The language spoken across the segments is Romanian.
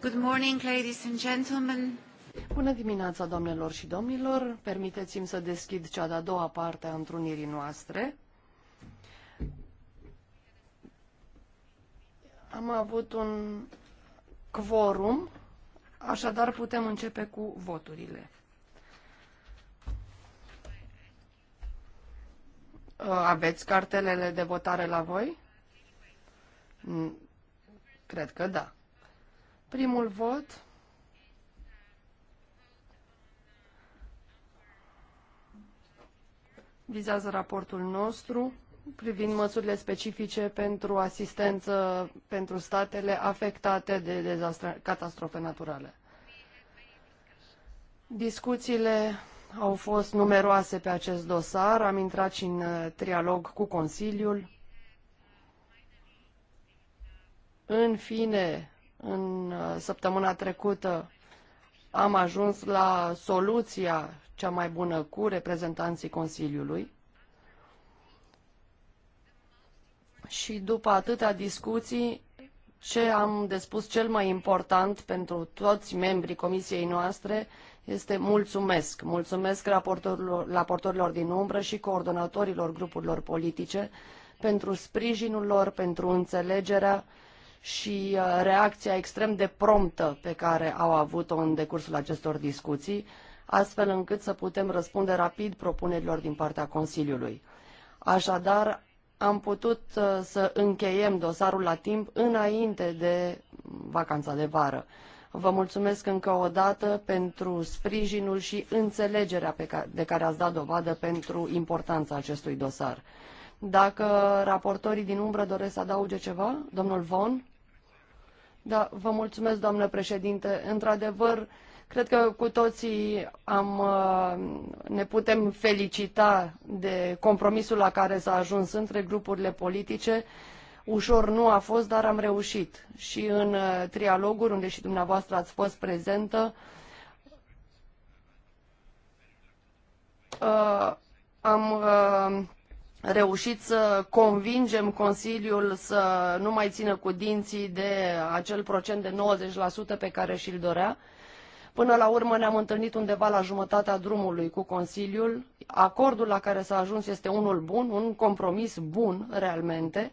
Good morning, ladies and gentlemen. Bună dimineața, doamnelor și domnilor. Permiteți-mi să deschid cea de-a doua parte a întrunirii noastre. Am avut un quorum, așadar putem începe cu voturile. Uh, aveți cartelele de votare la voi? Cred că da. Primul vot vizează raportul nostru privind măsurile specifice pentru asistență pentru statele afectate de dezastre, catastrofe naturale. Discuțiile au fost numeroase pe acest dosar, am intrat și în uh, trialog cu Consiliul. În fine, în uh, săptămâna trecută am ajuns la soluția cea mai bună cu reprezentanții Consiliului și după atâtea discuții, ce am de spus cel mai important pentru toți membrii comisiei noastre este mulțumesc. Mulțumesc raportorilor, raportorilor din umbră și coordonatorilor grupurilor politice pentru sprijinul lor, pentru înțelegerea și uh, reacția extrem de promptă pe care au avut-o în decursul acestor discuții, astfel încât să putem răspunde rapid propunerilor din partea Consiliului. Așadar, am putut uh, să încheiem dosarul la timp înainte de vacanța de vară. Vă mulțumesc încă o dată pentru sprijinul și înțelegerea pe care, de care ați dat dovadă pentru importanța acestui dosar. Dacă raportorii din umbră doresc să adauge ceva, domnul Von? Da, vă mulțumesc, doamnă președinte. Într-adevăr, cred că cu toții am, uh, ne putem felicita de compromisul la care s-a ajuns între grupurile politice. Ușor nu a fost, dar am reușit. Și în uh, trialoguri, unde și dumneavoastră ați fost prezentă, uh, am reușit să convingem Consiliul să nu mai țină cu dinții de acel procent de 90% pe care și-l dorea. Până la urmă ne-am întâlnit undeva la jumătatea drumului cu Consiliul. Acordul la care s-a ajuns este unul bun, un compromis bun, realmente.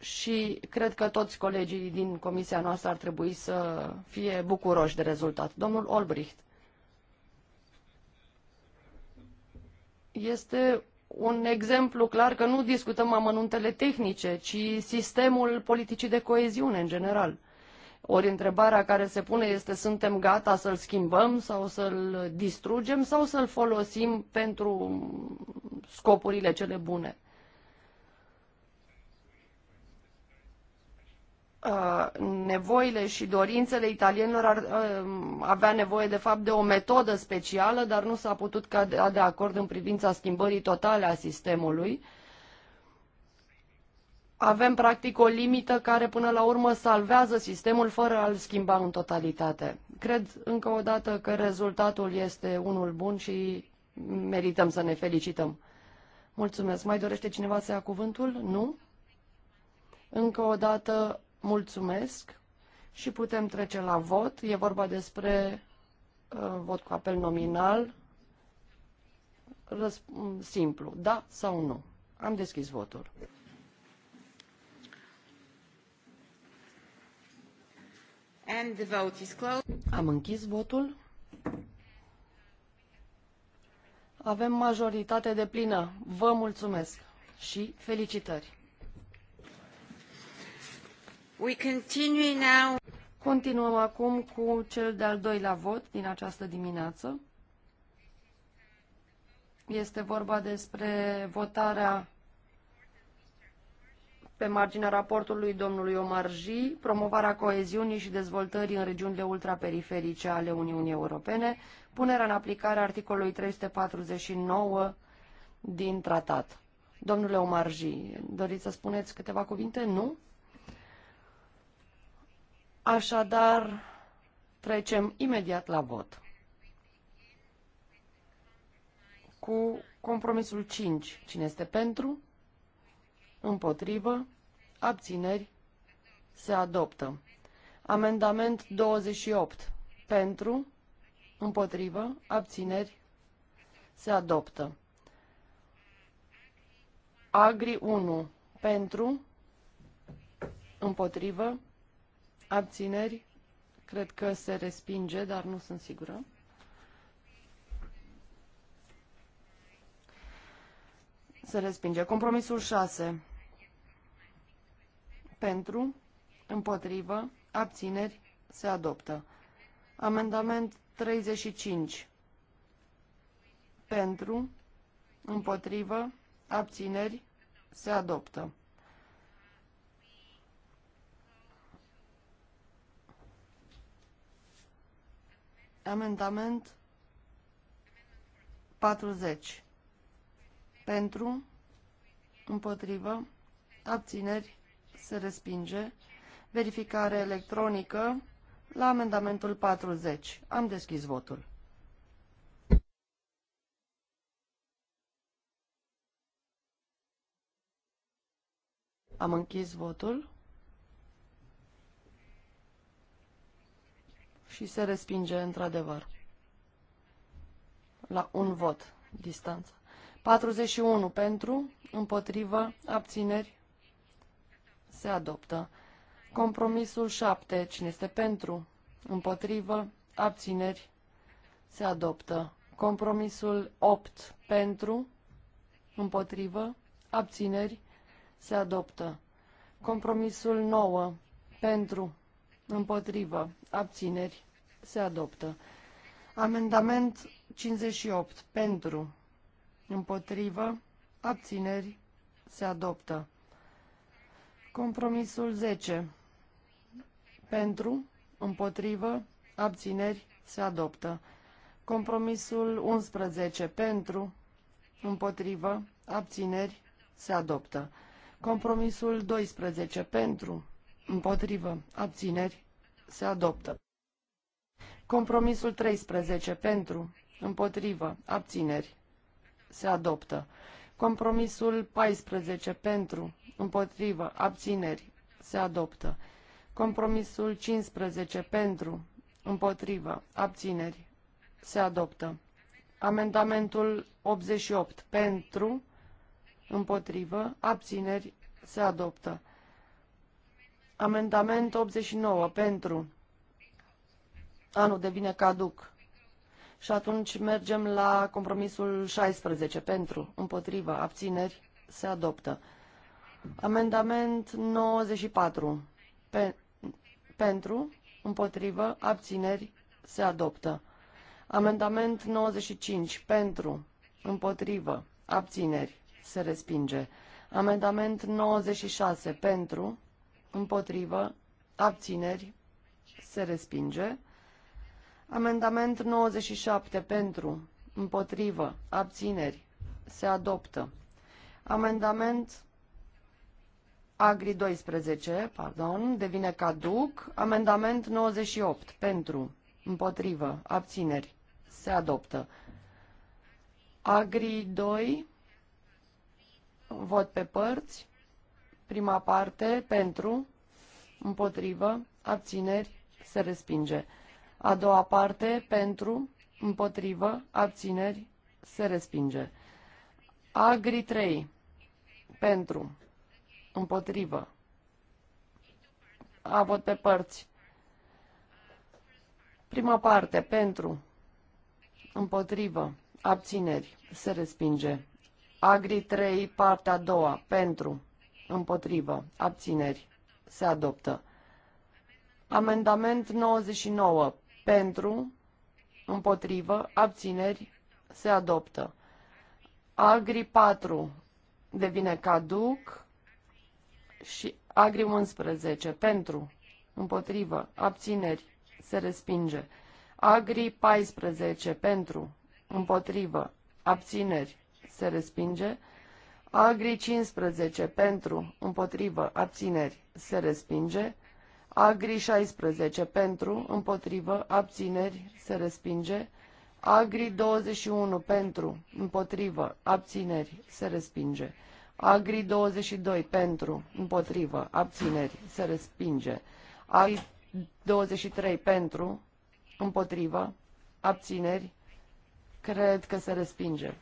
Și cred că toți colegii din comisia noastră ar trebui să fie bucuroși de rezultat. Domnul Olbricht. este un exemplu clar că nu discutăm amănuntele tehnice, ci sistemul politicii de coeziune în general. Ori întrebarea care se pune este suntem gata să-l schimbăm sau să-l distrugem sau să-l folosim pentru scopurile cele bune. Uh, nevoile și dorințele italienilor ar uh, avea nevoie de fapt de o metodă specială, dar nu s-a putut cădea de acord în privința schimbării totale a sistemului. Avem practic o limită care până la urmă salvează sistemul fără a-l schimba în totalitate. Cred încă o dată că rezultatul este unul bun și merităm să ne felicităm. Mulțumesc. Mai dorește cineva să ia cuvântul? Nu? Încă o dată Mulțumesc și putem trece la vot. E vorba despre uh, vot cu apel nominal, Răsp mm, simplu, da sau nu. Am deschis votul. And the vote is closed. Am închis votul. Avem majoritate de plină. Vă mulțumesc și felicitări! Continuăm acum cu cel de-al doilea vot din această dimineață. Este vorba despre votarea pe marginea raportului domnului Omarji, promovarea coeziunii și dezvoltării în regiunile ultraperiferice ale Uniunii Europene, punerea în aplicare articolului 349 din tratat. Domnule Omarji, doriți să spuneți câteva cuvinte? Nu? Așadar, trecem imediat la vot. Cu compromisul 5. Cine este pentru? Împotrivă? Abțineri? Se adoptă. Amendament 28. Pentru? Împotrivă? Abțineri? Se adoptă. Agri 1. Pentru? Împotrivă? Abțineri? Cred că se respinge, dar nu sunt sigură. Se respinge. Compromisul 6. Pentru, împotrivă, abțineri, se adoptă. Amendament 35. Pentru, împotrivă, abțineri, se adoptă. Amendament 40. Pentru, împotrivă, abțineri, se respinge. Verificare electronică la amendamentul 40. Am deschis votul. Am închis votul. și se respinge într-adevăr. La un vot distanță. 41 pentru, împotrivă, abțineri, se adoptă. Compromisul 7, cine este pentru, împotrivă, abțineri, se adoptă. Compromisul 8, pentru, împotrivă, abțineri, se adoptă. Compromisul 9, pentru, împotrivă, abțineri, se adoptă. Amendament 58. Pentru. Împotrivă. Abțineri. Se adoptă. Compromisul 10. Pentru. Împotrivă. Abțineri. Se adoptă. Compromisul 11. Pentru. Împotrivă. Abțineri. Se adoptă. Compromisul 12. Pentru. Împotrivă. Abțineri. Se adoptă. Compromisul 13 pentru, împotrivă, abțineri, se adoptă. Compromisul 14 pentru, împotrivă, abțineri, se adoptă. Compromisul 15 pentru, împotrivă, abțineri, se adoptă. Amendamentul 88 pentru, împotrivă, abțineri, se adoptă. Amendament 89 pentru, anul devine caduc. Și atunci mergem la compromisul 16 pentru, împotriva, abțineri, se adoptă. Amendament 94 pe, pentru, împotrivă, abțineri, se adoptă. Amendament 95 pentru, împotrivă, abțineri, se respinge. Amendament 96 pentru, împotrivă, abțineri, se respinge. Amendament 97 pentru, împotrivă, abțineri, se adoptă. Amendament Agri 12, pardon, devine caduc. Amendament 98 pentru, împotrivă, abțineri, se adoptă. Agri 2, vot pe părți, prima parte, pentru, împotrivă, abțineri, se respinge. A doua parte, pentru, împotrivă, abțineri, se respinge. Agri 3, pentru, împotrivă. A vot pe părți. Prima parte, pentru, împotrivă, abțineri, se respinge. Agri 3, partea a doua, pentru, împotrivă, abțineri, se adoptă. Amendament 99, pentru, împotrivă, abțineri, se adoptă. Agri 4 devine caduc și Agri 11 pentru, împotrivă, abțineri, se respinge. Agri 14 pentru, împotrivă, abțineri, se respinge. Agri 15 pentru, împotrivă, abțineri, se respinge. Agri 16 pentru, împotrivă, abțineri, se respinge. Agri 21 pentru, împotrivă, abțineri, se respinge. Agri 22 pentru, împotrivă, abțineri, se respinge. Agri 23 pentru, împotrivă, abțineri, cred că se respinge.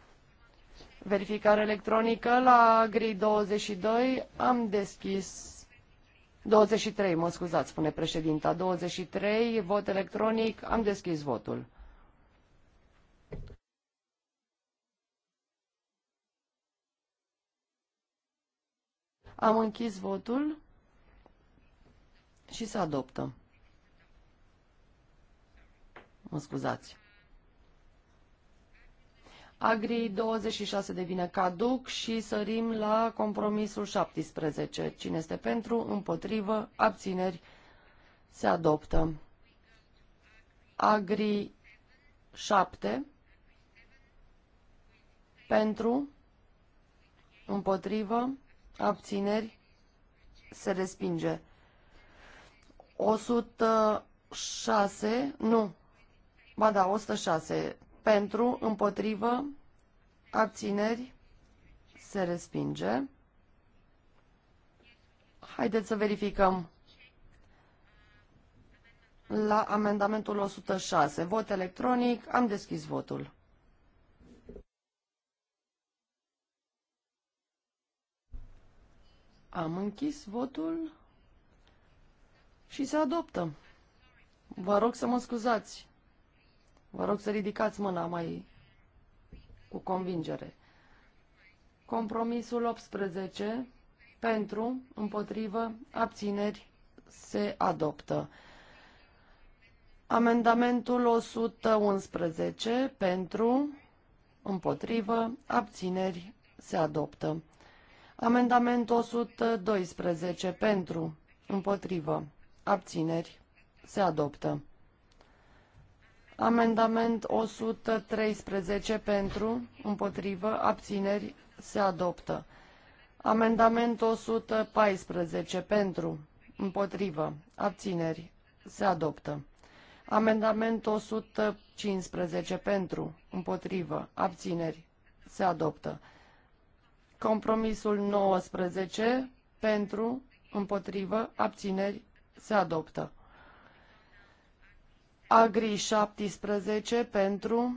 Verificare electronică la Agri 22, am deschis 23, mă scuzați, spune președinta. 23, vot electronic, am deschis votul. Am închis votul și se adoptă. Mă scuzați. Agri 26 devine caduc și sărim la compromisul 17. Cine este pentru, împotrivă, abțineri, se adoptă. Agri 7 pentru, împotrivă, abțineri, se respinge. 106, nu, ba da, 106 pentru, împotrivă, abțineri, se respinge. Haideți să verificăm la amendamentul 106. Vot electronic, am deschis votul. Am închis votul și se adoptă. Vă rog să mă scuzați. Vă rog să ridicați mâna mai cu convingere. Compromisul 18 pentru, împotrivă, abțineri se adoptă. Amendamentul 111 pentru, împotrivă, abțineri se adoptă. Amendamentul 112 pentru, împotrivă, abțineri se adoptă. Amendament 113 pentru, împotrivă, abțineri, se adoptă. Amendament 114 pentru, împotrivă, abțineri, se adoptă. Amendament 115 pentru, împotrivă, abțineri, se adoptă. Compromisul 19 pentru, împotrivă, abțineri, se adoptă. Agri 17 pentru,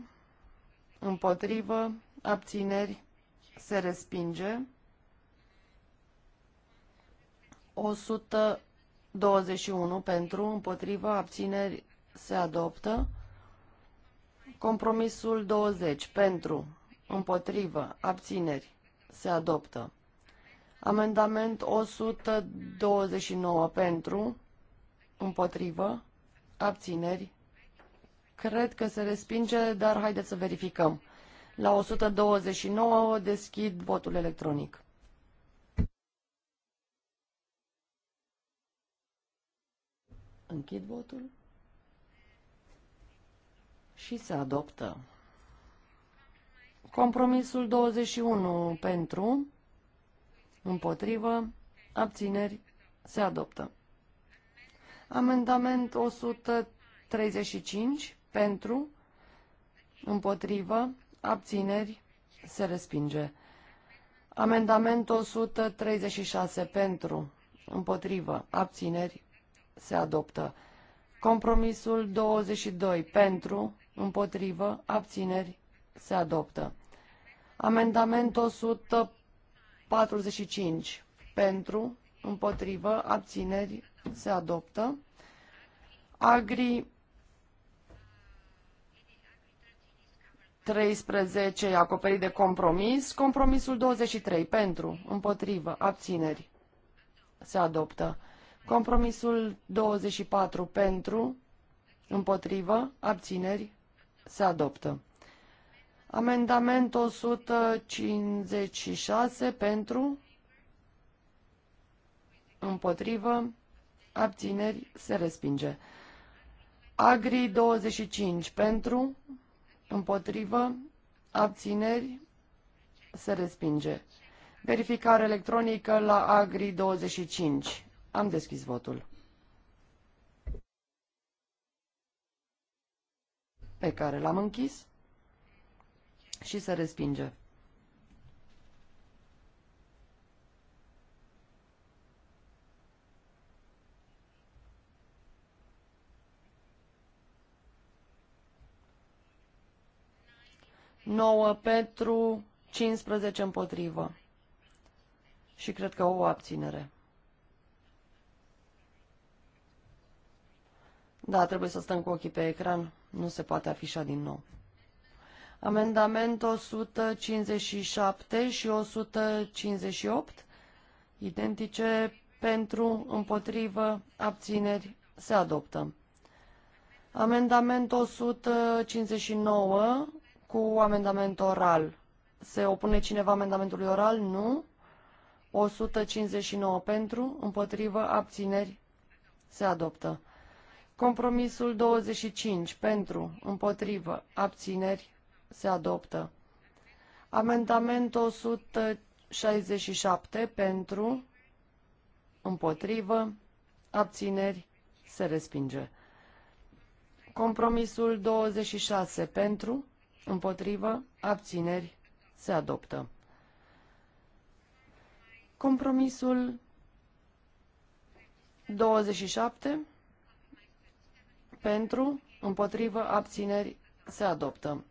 împotrivă, abțineri, se respinge. 121 pentru, împotrivă, abțineri, se adoptă. Compromisul 20 pentru, împotrivă, abțineri, se adoptă. Amendament 129 pentru, împotrivă, abțineri, Cred că se respinge, dar haideți să verificăm. La 129 deschid votul electronic. Închid votul și se adoptă. Compromisul 21 pentru, împotrivă, abțineri, se adoptă. Amendament 135 pentru, împotrivă, abțineri, se respinge. Amendament 136 pentru, împotrivă, abțineri, se adoptă. Compromisul 22 pentru, împotrivă, abțineri, se adoptă. Amendament 145 pentru, împotrivă, abțineri, se adoptă. Agri 13 acoperit de compromis, compromisul 23 pentru, împotrivă, abțineri se adoptă. Compromisul 24 pentru, împotrivă, abțineri se adoptă. Amendament 156 pentru, împotrivă, abțineri se respinge. Agri 25 pentru, Împotrivă. Abțineri. Se respinge. Verificare electronică la Agri 25. Am deschis votul. Pe care l-am închis și se respinge. 9 pentru, 15 împotrivă. Și cred că o abținere. Da, trebuie să stăm cu ochii pe ecran. Nu se poate afișa din nou. Amendament 157 și 158, identice pentru, împotrivă, abțineri, se adoptă. Amendament 159 cu amendament oral. Se opune cineva amendamentului oral? Nu. 159 pentru, împotrivă, abțineri, se adoptă. Compromisul 25 pentru, împotrivă, abțineri, se adoptă. Amendament 167 pentru, împotrivă, abțineri, se respinge. Compromisul 26 pentru, Împotrivă. Abțineri. Se adoptă. Compromisul 27 pentru, împotrivă, abțineri, se adoptă.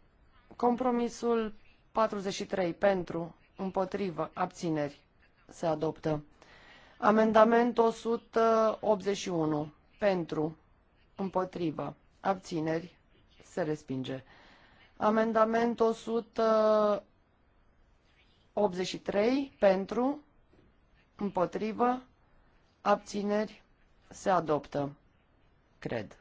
Compromisul 43 pentru, împotrivă, abțineri, se adoptă. Amendament 181 pentru, împotrivă, abțineri, se respinge. Amendament 183 pentru, împotrivă, abțineri, se adoptă, cred.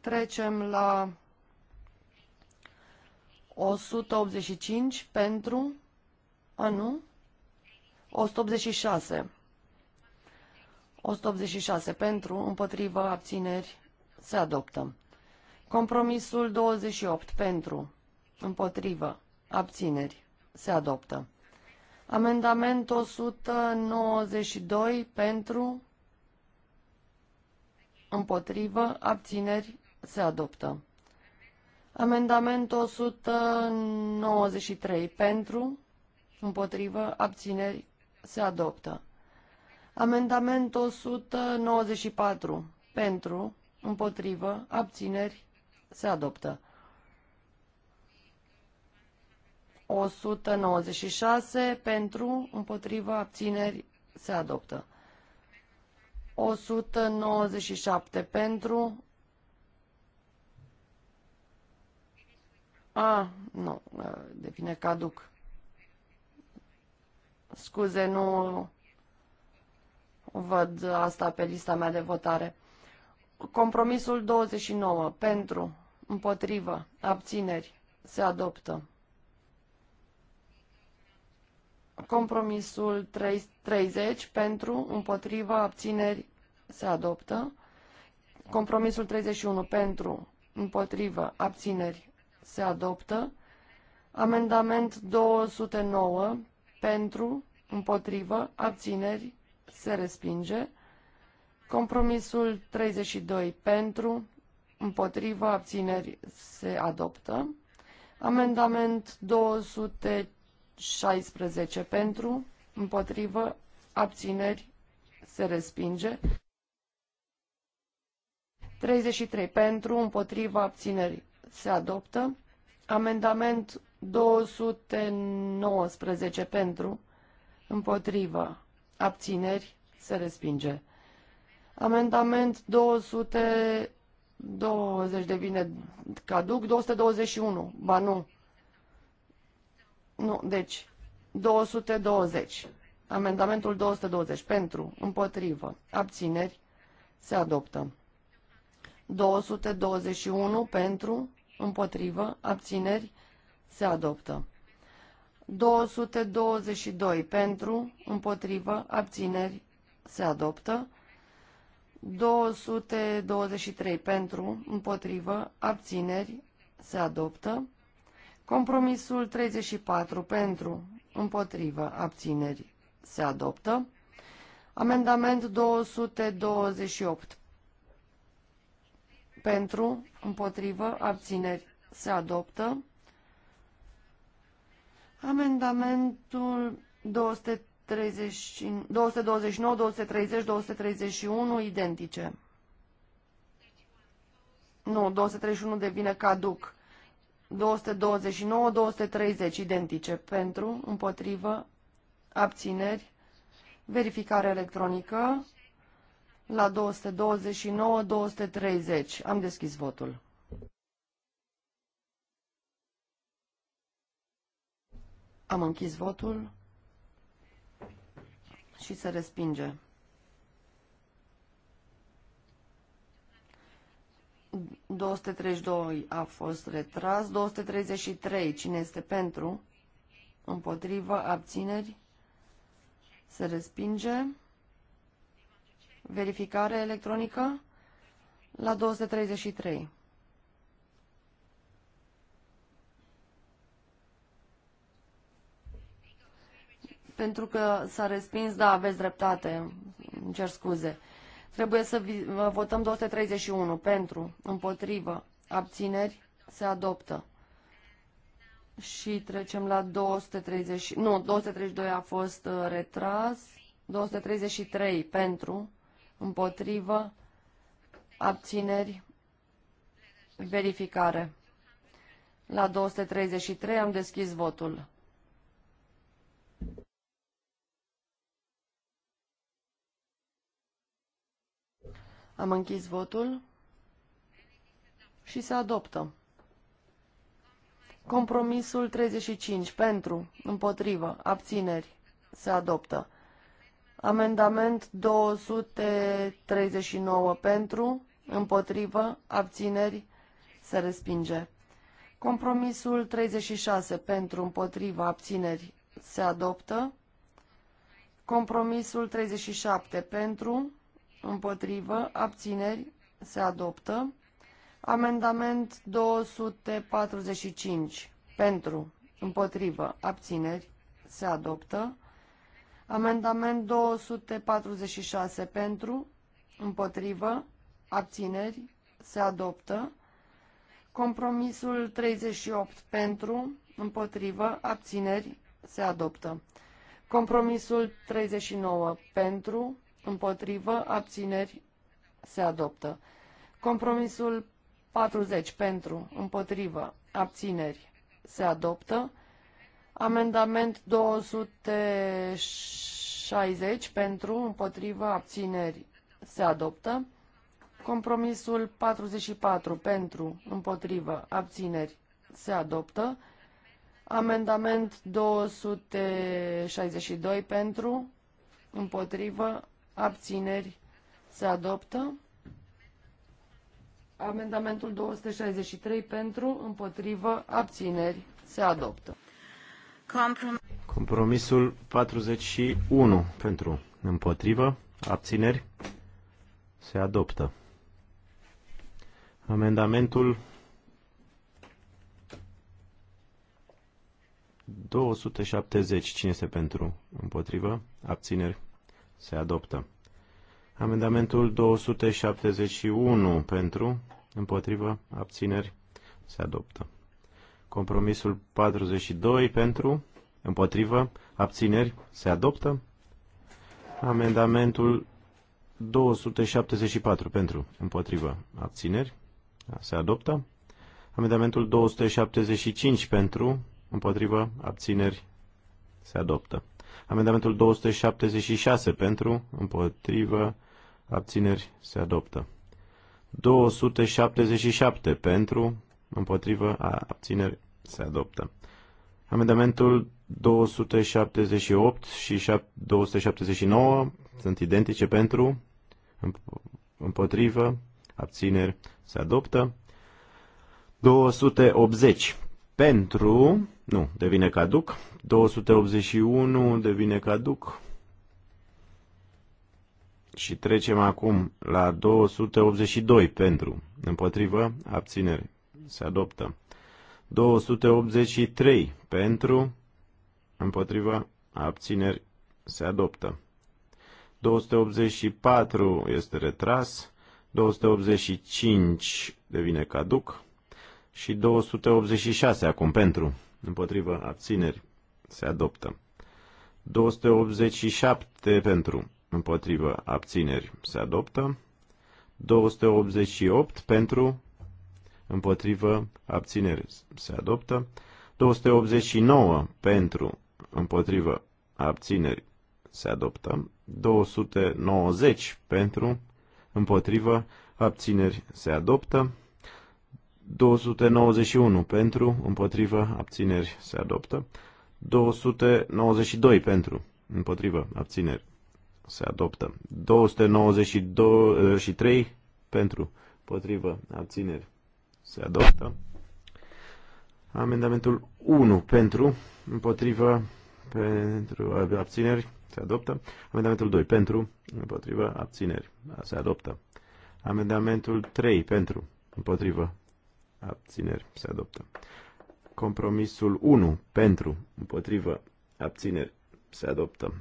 Trecem la 185 pentru, a nu, 186. 186 pentru, împotrivă, abțineri, se adoptă. Compromisul 28 pentru, împotrivă, abțineri. Se adoptă. Amendament 192 pentru, împotrivă, abțineri. Se adoptă. Amendament 193 pentru, împotrivă, abțineri. Se adoptă. Amendament 194 pentru, împotrivă, abțineri, se adoptă. 196 pentru, împotrivă, abțineri, se adoptă. 197 pentru. A, nu, ă, devine caduc. Scuze, nu văd asta pe lista mea de votare. Compromisul 29. Pentru, împotrivă, abțineri, se adoptă. Compromisul 30. Pentru, împotrivă, abțineri, se adoptă. Compromisul 31. Pentru, împotrivă, abțineri, se adoptă. Amendament 209. Pentru, împotrivă, abțineri, se respinge. Compromisul 32 pentru, împotrivă, abțineri se adoptă. Amendament 216 pentru, împotrivă, abțineri se respinge. 33 pentru, împotrivă, abțineri se adoptă. Amendament 219 pentru, împotrivă, abțineri se respinge. Amendament 220 devine caduc, 221, ba nu. Nu, deci 220. Amendamentul 220 pentru, împotrivă, abțineri, se adoptă. 221 pentru, împotrivă, abțineri, se adoptă. 222 pentru, împotrivă, abțineri, se adoptă. 223 pentru, împotrivă, abțineri, se adoptă. Compromisul 34 pentru, împotrivă, abțineri, se adoptă. Amendament 228 pentru, împotrivă, abțineri, se adoptă. Amendamentul 230 30, 229, 230, 231 identice. Nu, 231 devine caduc. 229, 230 identice pentru, împotrivă, abțineri, verificare electronică la 229, 230. Am deschis votul. Am închis votul și se respinge. 232 a fost retras, 233 cine este pentru, împotrivă, abțineri, se respinge. Verificare electronică la 233. pentru că s-a respins, da, aveți dreptate, îmi cer scuze. Trebuie să votăm 231 pentru, împotrivă, abțineri, se adoptă. Și trecem la 230, nu, 232 a fost uh, retras, 233 pentru, împotrivă, abțineri, verificare. La 233 am deschis votul. Am închis votul și se adoptă. Compromisul 35. Pentru, împotrivă, abțineri, se adoptă. Amendament 239 pentru, împotrivă, abțineri, se respinge. Compromisul 36 pentru, împotrivă, abțineri, se adoptă. Compromisul 37 pentru, împotrivă, abțineri, se adoptă. Amendament 245, pentru, împotrivă, abțineri, se adoptă. Amendament 246, pentru, împotrivă, abțineri, se adoptă. Compromisul 38, pentru, împotrivă, abțineri, se adoptă. Compromisul 39, pentru, împotrivă, abțineri, se adoptă. Compromisul 40 pentru, împotrivă, abțineri, se adoptă. Amendament 260 pentru, împotrivă, abțineri, se adoptă. Compromisul 44 pentru, împotrivă, abțineri, se adoptă. Amendament 262 pentru, împotrivă, abțineri, se adoptă. Amendamentul 263 pentru, împotrivă, abțineri, se adoptă. Compromisul 41 pentru, împotrivă, abțineri, se adoptă. Amendamentul 270. Cine este pentru? Împotrivă? Abțineri? Se adoptă. Amendamentul 271 pentru, împotrivă, abțineri, se adoptă. Compromisul 42 pentru, împotrivă, abțineri, se adoptă. Amendamentul 274 pentru, împotrivă, abțineri, se adoptă. Amendamentul 275 pentru, împotrivă, abțineri, se adoptă. Amendamentul 276 pentru, împotrivă, abțineri se adoptă. 277 pentru, împotrivă, abțineri se adoptă. Amendamentul 278 și 279 sunt identice pentru, împotrivă, abțineri se adoptă. 280 pentru, nu, devine caduc, 281 devine caduc și trecem acum la 282 pentru, împotrivă, abținere, se adoptă. 283 pentru, împotrivă, abțineri, se adoptă. 284 este retras, 285 devine caduc, și 286 acum pentru, împotrivă, abțineri, se adoptă. 287 pentru, împotrivă, abțineri, se adoptă. 288 pentru, împotrivă, abțineri, se adoptă. 289 pentru, împotrivă, abțineri, se adoptă. 290 pentru, împotrivă, abțineri, se adoptă. 291 pentru, împotrivă, abțineri se adoptă. 292 pentru, împotrivă, abțineri se adoptă. 293 eh, pentru, împotrivă, abțineri se adoptă. Amendamentul 1 pentru, împotrivă, pentru abțineri se adoptă. Amendamentul 2 pentru, împotrivă, abțineri se adoptă. Amendamentul 3 pentru, împotrivă, abțineri, se adoptă. Compromisul 1, pentru, împotrivă, abțineri, se adoptă.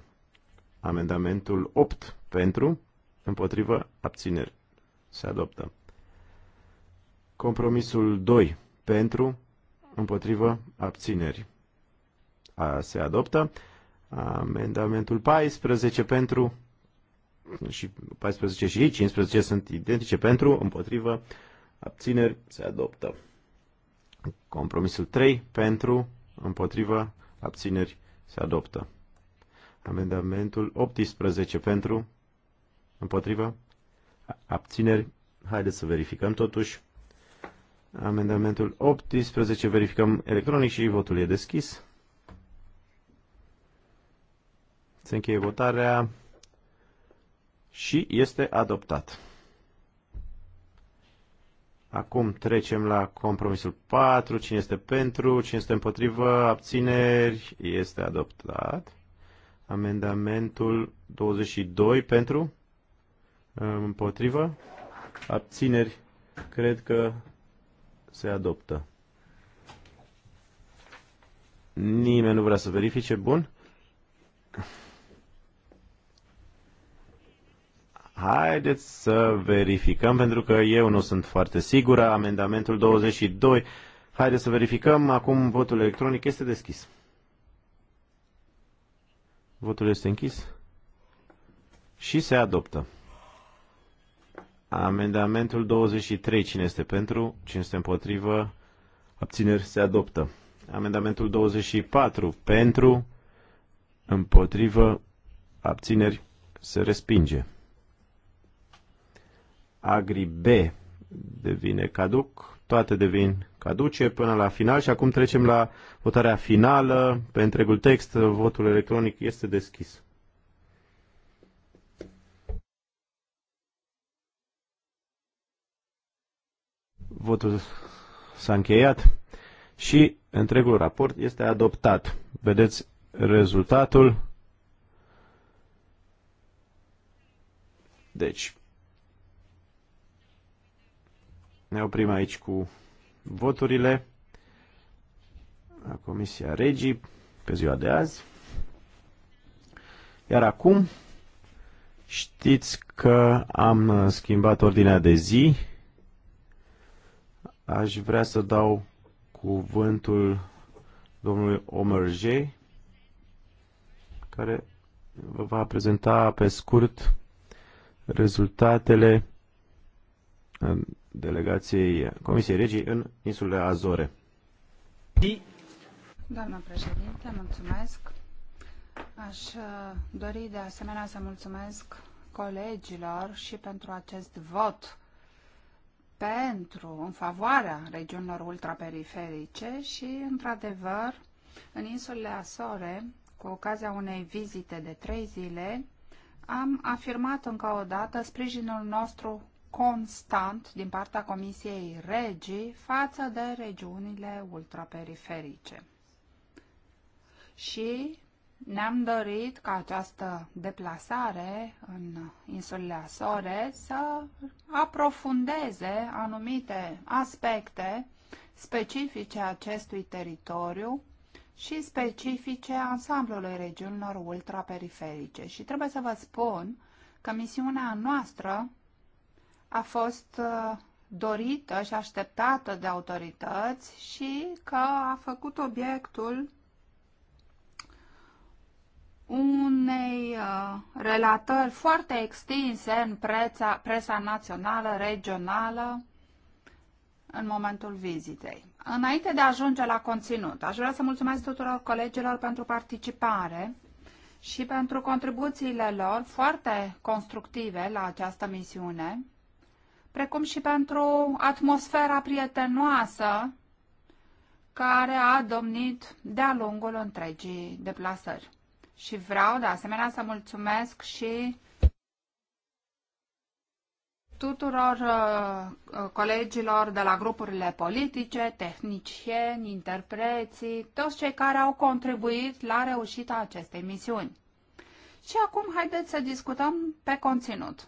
Amendamentul 8, pentru, împotrivă, abțineri, se adoptă. Compromisul 2, pentru, împotrivă, abțineri, A, se adoptă. Amendamentul 14, pentru, și 14 și 15 sunt identice, pentru, împotrivă, abțineri abțineri, se adoptă. Compromisul 3 pentru, împotriva, abțineri, se adoptă. Amendamentul 18 pentru, împotriva, abțineri, haideți să verificăm totuși. Amendamentul 18, verificăm electronic și votul e deschis. Se încheie votarea și este adoptat. Acum trecem la compromisul 4. Cine este pentru? Cine este împotrivă? Abțineri? Este adoptat. Amendamentul 22 pentru? Împotrivă? Abțineri? Cred că se adoptă. Nimeni nu vrea să verifice. Bun. Haideți să verificăm, pentru că eu nu sunt foarte sigură. Amendamentul 22. Haideți să verificăm. Acum votul electronic este deschis. Votul este închis și se adoptă. Amendamentul 23. Cine este pentru? Cine este împotrivă? Abțineri se adoptă. Amendamentul 24. Pentru? Împotrivă? Abțineri se respinge. Agri B devine caduc, toate devin caduce până la final și acum trecem la votarea finală. Pe întregul text, votul electronic este deschis. Votul s-a încheiat și întregul raport este adoptat. Vedeți rezultatul. Deci, ne oprim aici cu voturile la Comisia Regii pe ziua de azi. Iar acum știți că am schimbat ordinea de zi. Aș vrea să dau cuvântul domnului Omerje, care vă va prezenta pe scurt rezultatele delegației Comisiei Regii în insulele Azore. Doamna președinte, mulțumesc. Aș uh, dori de asemenea să mulțumesc colegilor și pentru acest vot pentru, în favoarea regiunilor ultraperiferice și, într-adevăr, în insulele Azore, cu ocazia unei vizite de trei zile, am afirmat încă o dată sprijinul nostru constant din partea Comisiei Regii față de regiunile ultraperiferice. Și ne-am dorit ca această deplasare în insulele Asore să aprofundeze anumite aspecte specifice acestui teritoriu și specifice ansamblului regiunilor ultraperiferice. Și trebuie să vă spun că misiunea noastră a fost uh, dorită și așteptată de autorități și că a făcut obiectul unei uh, relatări foarte extinse în presa, presa națională, regională, în momentul vizitei. Înainte de a ajunge la conținut, aș vrea să mulțumesc tuturor colegilor pentru participare și pentru contribuțiile lor foarte constructive la această misiune precum și pentru atmosfera prietenoasă care a domnit de-a lungul întregii deplasări. Și vreau, de asemenea, să mulțumesc și tuturor uh, uh, colegilor de la grupurile politice, tehnicieni, interpreții, toți cei care au contribuit la reușita acestei misiuni. Și acum haideți să discutăm pe conținut.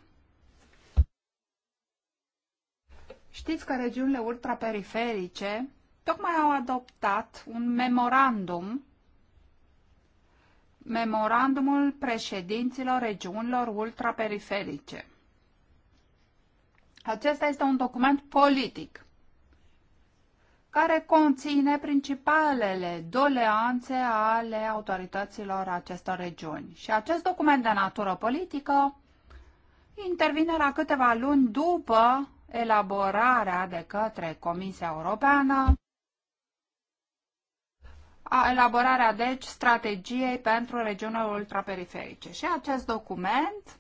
Știți că regiunile ultraperiferice tocmai au adoptat un memorandum memorandumul președinților regiunilor ultraperiferice. Acesta este un document politic care conține principalele doleanțe ale autorităților acestor regiuni. Și acest document de natură politică intervine la câteva luni după elaborarea de către Comisia Europeană a elaborarea, deci, strategiei pentru regiunile ultraperiferice. Și acest document,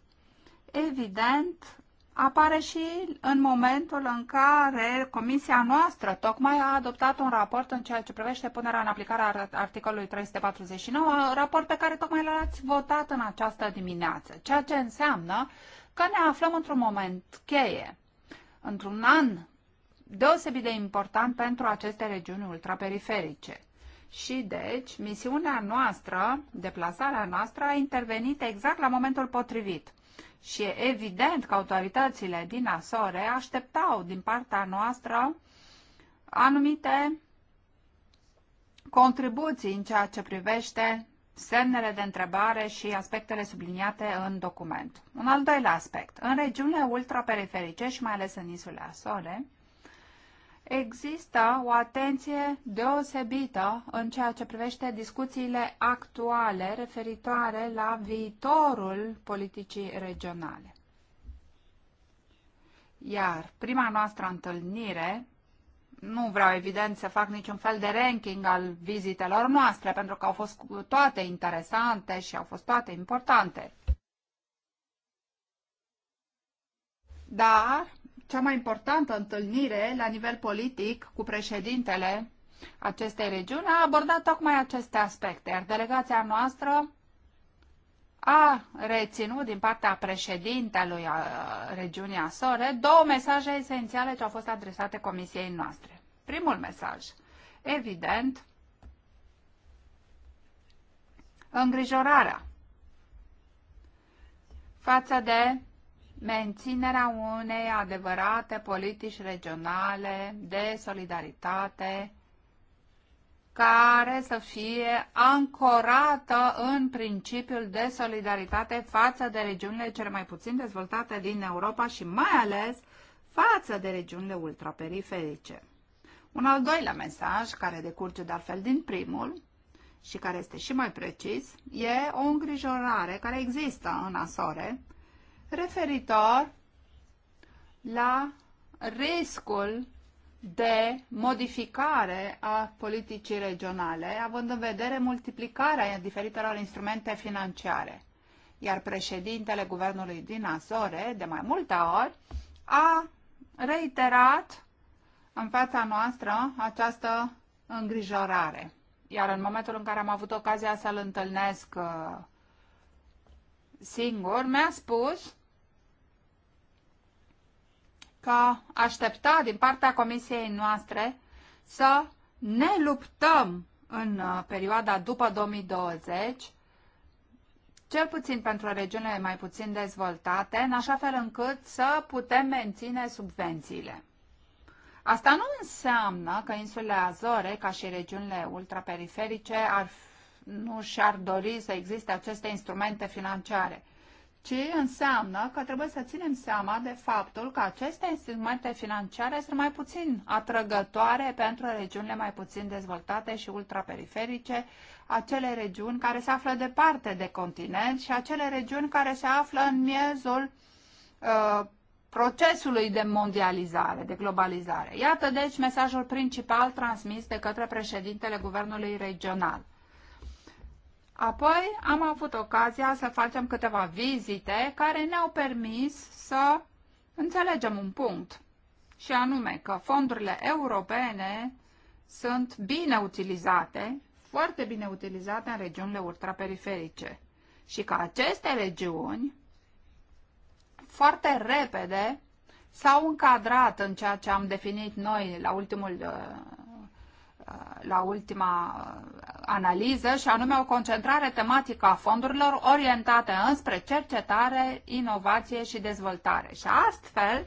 evident, apare și în momentul în care Comisia noastră tocmai a adoptat un raport în ceea ce privește punerea în aplicare a articolului 349, raport pe care tocmai l-ați votat în această dimineață, ceea ce înseamnă că ne aflăm într-un moment cheie într-un an deosebit de important pentru aceste regiuni ultraperiferice. Și deci, misiunea noastră, deplasarea noastră a intervenit exact la momentul potrivit. Și e evident că autoritățile din Asore așteptau din partea noastră anumite contribuții în ceea ce privește semnele de întrebare și aspectele subliniate în document. Un al doilea aspect. În regiunile ultraperiferice și mai ales în insula Asole, există o atenție deosebită în ceea ce privește discuțiile actuale referitoare la viitorul politicii regionale. Iar prima noastră întâlnire nu vreau evident să fac niciun fel de ranking al vizitelor noastre, pentru că au fost toate interesante și au fost toate importante. Dar cea mai importantă întâlnire la nivel politic cu președintele acestei regiuni a abordat tocmai aceste aspecte, iar delegația noastră a reținut din partea președintelui a regiunii Asore două mesaje esențiale ce au fost adresate comisiei noastre. Primul mesaj, evident, îngrijorarea față de menținerea unei adevărate politici regionale de solidaritate care să fie ancorată în principiul de solidaritate față de regiunile cele mai puțin dezvoltate din Europa și mai ales față de regiunile ultraperiferice. Un al doilea mesaj, care decurge de altfel din primul și care este și mai precis, e o îngrijorare care există în Asore referitor la riscul de modificare a politicii regionale, având în vedere multiplicarea diferitelor instrumente financiare. Iar președintele guvernului din Azore, de mai multe ori, a reiterat în fața noastră această îngrijorare. Iar în momentul în care am avut ocazia să-l întâlnesc uh, singur, mi-a spus ca aștepta din partea comisiei noastre să ne luptăm în uh, perioada după 2020, cel puțin pentru regiunile mai puțin dezvoltate, în așa fel încât să putem menține subvențiile. Asta nu înseamnă că insulele Azore, ca și regiunile ultraperiferice, ar, nu și-ar dori să existe aceste instrumente financiare ci înseamnă că trebuie să ținem seama de faptul că aceste instrumente financiare sunt mai puțin atrăgătoare pentru regiunile mai puțin dezvoltate și ultraperiferice, acele regiuni care se află departe de continent și acele regiuni care se află în miezul uh, procesului de mondializare, de globalizare. Iată deci mesajul principal transmis de către președintele Guvernului Regional. Apoi am avut ocazia să facem câteva vizite care ne-au permis să înțelegem un punct, și anume că fondurile europene sunt bine utilizate, foarte bine utilizate în regiunile ultraperiferice și că aceste regiuni foarte repede s-au încadrat în ceea ce am definit noi la ultimul uh, la ultima uh, analiză și anume o concentrare tematică a fondurilor orientată înspre cercetare, inovație și dezvoltare. Și astfel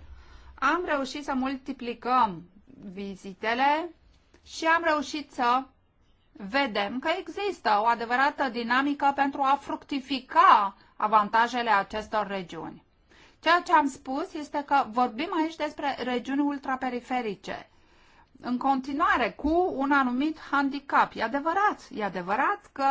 am reușit să multiplicăm vizitele și am reușit să vedem că există o adevărată dinamică pentru a fructifica avantajele acestor regiuni. Ceea ce am spus este că vorbim aici despre regiuni ultraperiferice, în continuare cu un anumit handicap. E adevărat, e adevărat că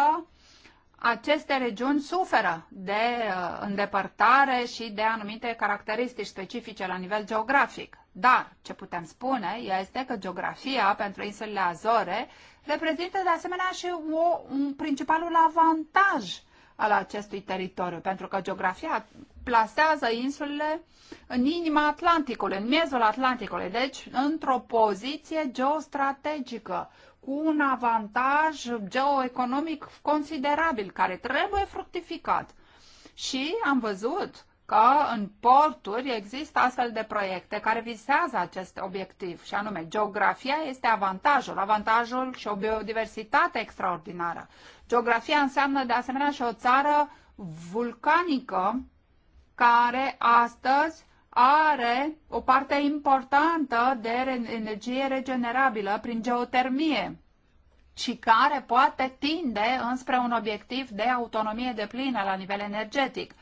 aceste regiuni suferă de uh, îndepărtare și de anumite caracteristici specifice la nivel geografic. Dar ce putem spune este că geografia pentru insulele Azore reprezintă de asemenea și o, un principalul avantaj al acestui teritoriu, pentru că geografia plasează insulele în inima Atlanticului, în miezul Atlanticului, deci într-o poziție geostrategică, cu un avantaj geoeconomic considerabil, care trebuie fructificat. Și am văzut că în porturi există astfel de proiecte care visează acest obiectiv, și anume geografia este avantajul, avantajul și o biodiversitate extraordinară. Geografia înseamnă de asemenea și o țară vulcanică care astăzi are o parte importantă de energie regenerabilă prin geotermie și care poate tinde înspre un obiectiv de autonomie de plină la nivel energetic.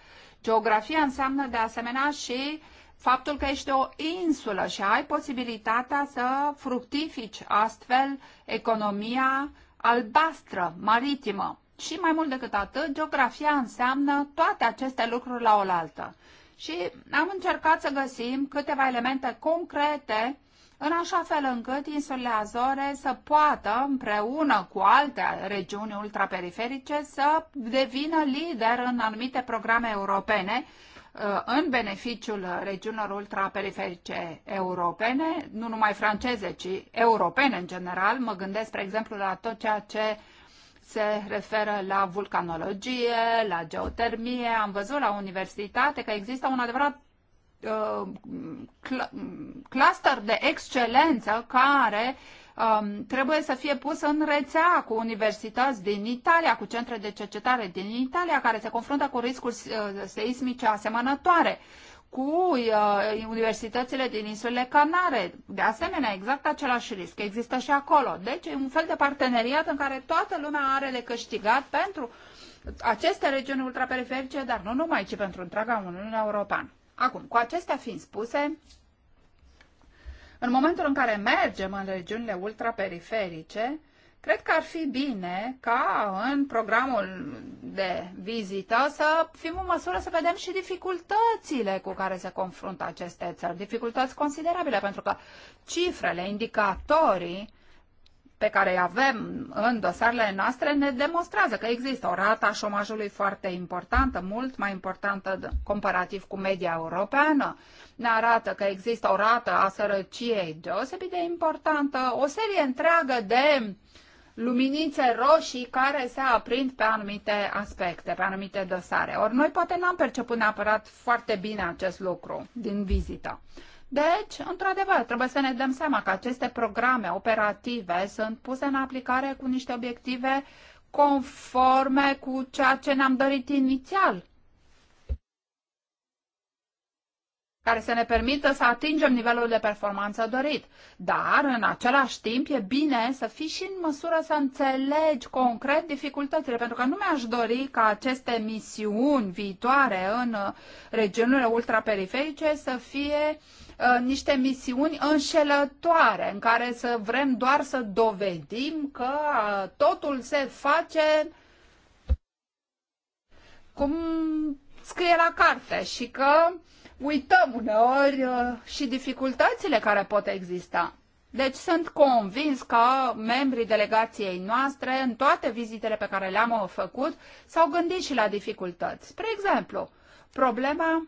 Geografia înseamnă de asemenea și faptul că ești o insulă și ai posibilitatea să fructifici astfel economia albastră, maritimă. Și mai mult decât atât, geografia înseamnă toate aceste lucruri la oaltă. Și am încercat să găsim câteva elemente concrete în așa fel încât insulele Azore să poată, împreună cu alte regiuni ultraperiferice, să devină lider în anumite programe europene uh, în beneficiul regiunilor ultraperiferice europene, nu numai franceze, ci europene în general. Mă gândesc, spre exemplu, la tot ceea ce uh, se referă la vulcanologie, la geotermie. Am văzut la universitate că există un adevărat uh, cluster de excelență care um, trebuie să fie pus în rețea cu universități din Italia, cu centre de cercetare din Italia, care se confruntă cu riscuri uh, seismice asemănătoare. Uh, cu uh, universitățile din insulele Canare. De asemenea, exact același risc există și acolo. Deci e un fel de parteneriat în care toată lumea are de câștigat pentru aceste regiuni ultraperiferice, dar nu numai, ci pentru întreaga Uniunea Europeană. Acum, cu acestea fiind spuse, în momentul în care mergem în regiunile ultraperiferice, Cred că ar fi bine ca în programul de vizită să fim în măsură să vedem și dificultățile cu care se confruntă aceste țări, dificultăți considerabile, pentru că cifrele, indicatorii pe care îi avem în dosarele noastre ne demonstrează că există o rată a șomajului foarte importantă, mult mai importantă comparativ cu media europeană. Ne arată că există o rată a sărăciei deosebit de importantă, o serie întreagă de uh, luminițe roșii care se aprind pe anumite aspecte, pe anumite dosare. Ori noi poate n-am perceput neapărat foarte bine acest lucru din vizită. Deci, într-adevăr, trebuie să ne dăm seama că aceste programe operative sunt puse în aplicare cu niște obiective conforme cu ceea ce ne-am dorit inițial care să ne permită să atingem nivelul de performanță dorit. Dar, în același timp, e bine să fii și în măsură să înțelegi concret dificultățile, pentru că nu mi-aș dori ca aceste misiuni viitoare în uh, regiunile ultraperiferice să fie uh, niște misiuni înșelătoare, în care să vrem doar să dovedim că uh, totul se face cum scrie la carte și că uh, uităm uneori uh, și dificultățile care pot exista. Deci sunt convins că membrii delegației noastre, în toate vizitele pe care le-am făcut, s-au gândit și la dificultăți. Spre exemplu, problema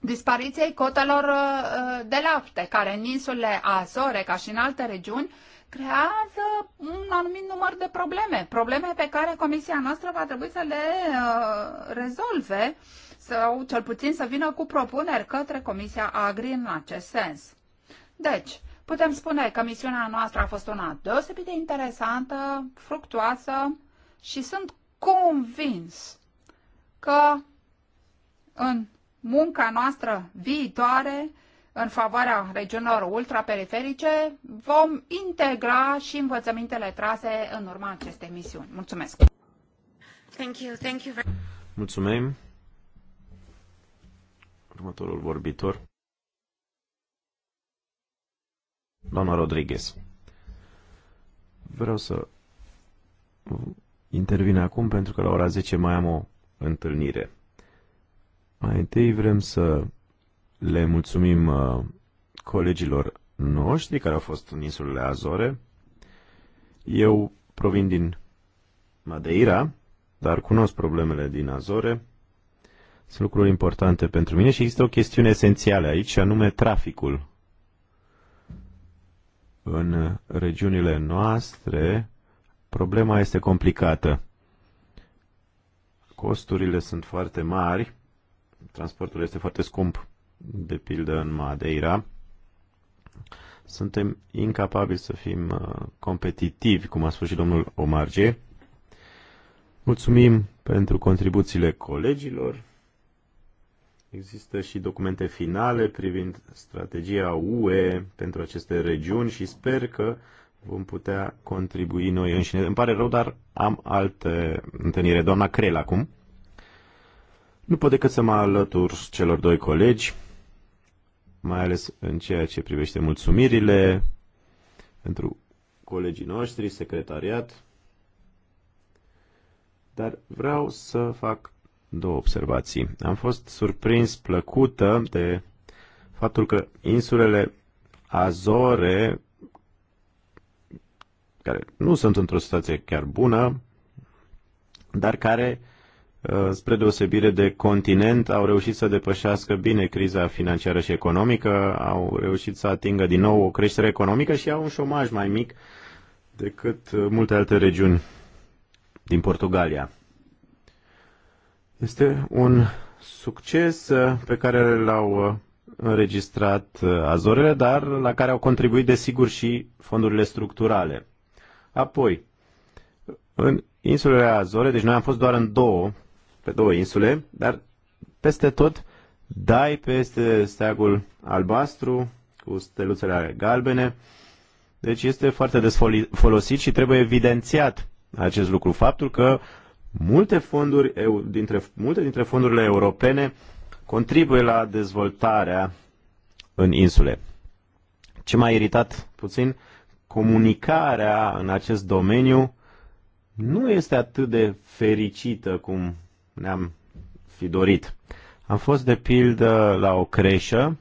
dispariției cotelor uh, de lapte, care în insulele Azore, ca și în alte regiuni, creează un anumit număr de probleme. Probleme pe care comisia noastră va trebui să le uh, rezolve sau cel puțin să vină cu propuneri către Comisia Agri în acest sens. Deci, putem spune că misiunea noastră a fost una deosebit de interesantă, fructuoasă și sunt convins că în munca noastră viitoare, în favoarea regiunilor ultraperiferice, vom integra și învățămintele trase în urma acestei misiuni. Mulțumesc! Thank you, thank you very... Mulțumim! Următorul vorbitor. Doamna Rodriguez. Vreau să intervin acum pentru că la ora 10 mai am o întâlnire. Mai întâi vrem să le mulțumim uh, colegilor noștri care au fost în insulele Azore. Eu provin din Madeira, dar cunosc problemele din Azore sunt lucruri importante pentru mine și există o chestiune esențială aici, și anume traficul. În regiunile noastre, problema este complicată. Costurile sunt foarte mari, transportul este foarte scump, de pildă în Madeira. Suntem incapabili să fim uh, competitivi, cum a spus și domnul Omarge. Mulțumim pentru contribuțiile colegilor Există și documente finale privind strategia UE pentru aceste regiuni și sper că vom putea contribui noi înșine. Îmi pare rău, dar am altă întâlnire. Doamna Crel acum. Nu pot decât să mă alătur celor doi colegi, mai ales în ceea ce privește mulțumirile pentru colegii noștri, secretariat, dar vreau să fac două observații. Am fost surprins plăcută de faptul că insulele Azore, care nu sunt într-o situație chiar bună, dar care, ă, spre deosebire de continent, au reușit să depășească bine criza financiară și economică, au reușit să atingă din nou o creștere economică și au un șomaj mai mic decât multe alte regiuni din Portugalia. Este un succes uh, pe care l-au uh, înregistrat uh, Azorele, dar la care au contribuit desigur și fondurile structurale. Apoi, în insulele Azore, deci noi am fost doar în două, pe două insule, dar peste tot dai peste steagul albastru cu steluțele galbene. Deci este foarte des folosit și trebuie evidențiat acest lucru, faptul că Multe fonduri, dintre, multe dintre fondurile europene contribuie la dezvoltarea în insule. Ce m-a iritat puțin, comunicarea în acest domeniu nu este atât de fericită cum ne-am fi dorit. Am fost, de pildă, la o creșă.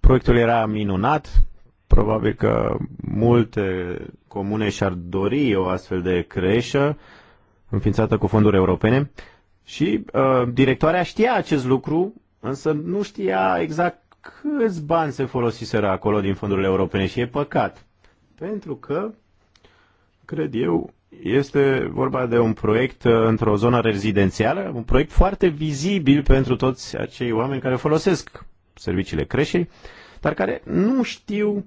Proiectul era minunat. Probabil că multe comune și-ar dori o astfel de creșă înființată cu fonduri europene și uh, directoarea știa acest lucru, însă nu știa exact câți bani se folosiseră acolo din fondurile europene și e păcat. Pentru că, cred eu, este vorba de un proiect uh, într-o zonă rezidențială, un proiect foarte vizibil pentru toți acei oameni care folosesc serviciile creșei, dar care nu știu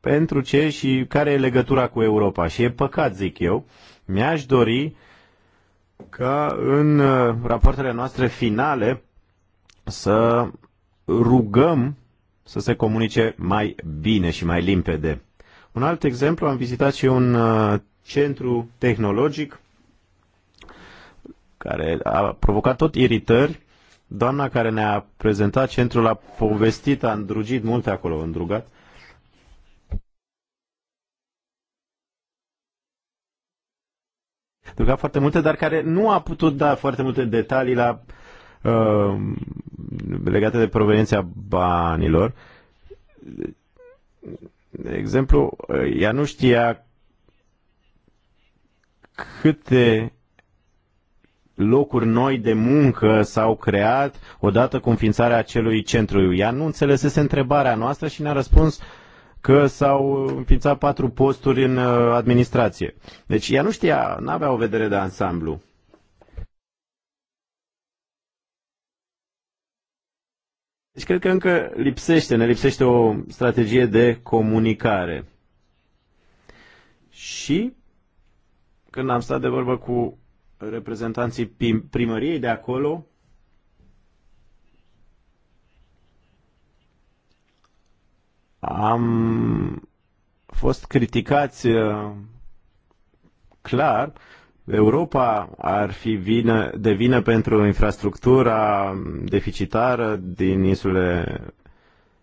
pentru ce și care e legătura cu Europa. Și e păcat, zic eu. Mi-aș dori uh, ca în uh, rapoartele noastre finale să rugăm să se comunice mai bine și mai limpede. Un alt exemplu, am vizitat și un uh, centru tehnologic care a provocat tot iritări. Doamna care ne-a prezentat centrul a povestit, a îndrugit multe acolo, îndrugat, adăugat foarte multe, dar care nu a putut da foarte multe detalii la, uh, legate de proveniența banilor. De exemplu, uh, ea nu știa câte locuri noi de muncă s-au creat odată cu înființarea acelui centru. Ea nu înțelesese întrebarea noastră și ne-a răspuns uh, că s-au înființat patru posturi în uh, administrație. Deci ea nu știa, nu avea o vedere de ansamblu. Deci cred că încă lipsește, ne lipsește o strategie de comunicare. Și când am stat de vorbă cu reprezentanții primăriei de acolo, Am fost criticați uh, clar. Europa ar fi vină, de vină pentru infrastructura deficitară din insulele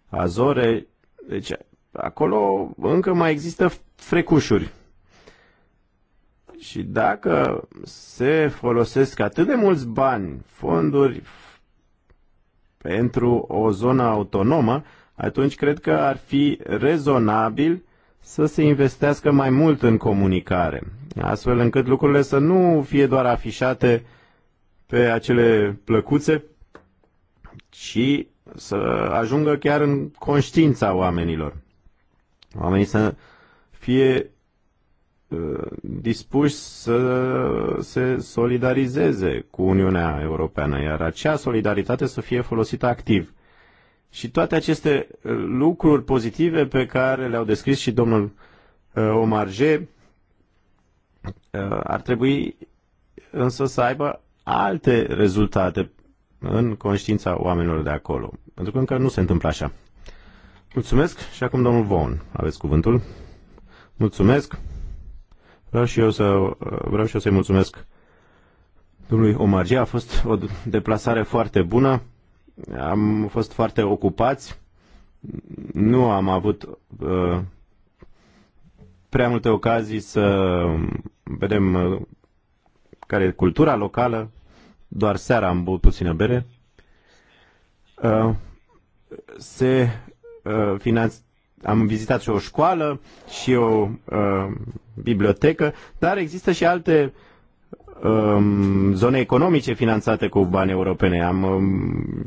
Azore. Deci acolo încă mai există frecușuri. Și dacă se folosesc atât de mulți bani, fonduri pentru o zonă autonomă, atunci cred că ar fi rezonabil să se investească mai mult în comunicare, astfel încât lucrurile să nu fie doar afișate pe acele plăcuțe, ci să ajungă chiar în conștiința oamenilor. Oamenii să fie uh, dispuși să se solidarizeze cu Uniunea Europeană, iar acea solidaritate să fie folosită activ. Și toate aceste uh, lucruri pozitive pe care le-au descris și domnul uh, Omarje uh, ar trebui însă să aibă alte rezultate în conștiința oamenilor de acolo. Pentru că încă nu se întâmplă așa. Mulțumesc și acum domnul Vaughan, aveți cuvântul. Mulțumesc. Vreau și eu să vreau și eu să-i mulțumesc domnului G. A fost o deplasare foarte bună. Am fost foarte ocupați, nu am avut uh, prea multe ocazii să vedem uh, care e cultura locală, doar seara am băut puțină bere. Uh, se uh, finanț- am vizitat și o școală și o uh, bibliotecă, dar există și alte uh, Um, zone economice finanțate cu bani europene. Am um,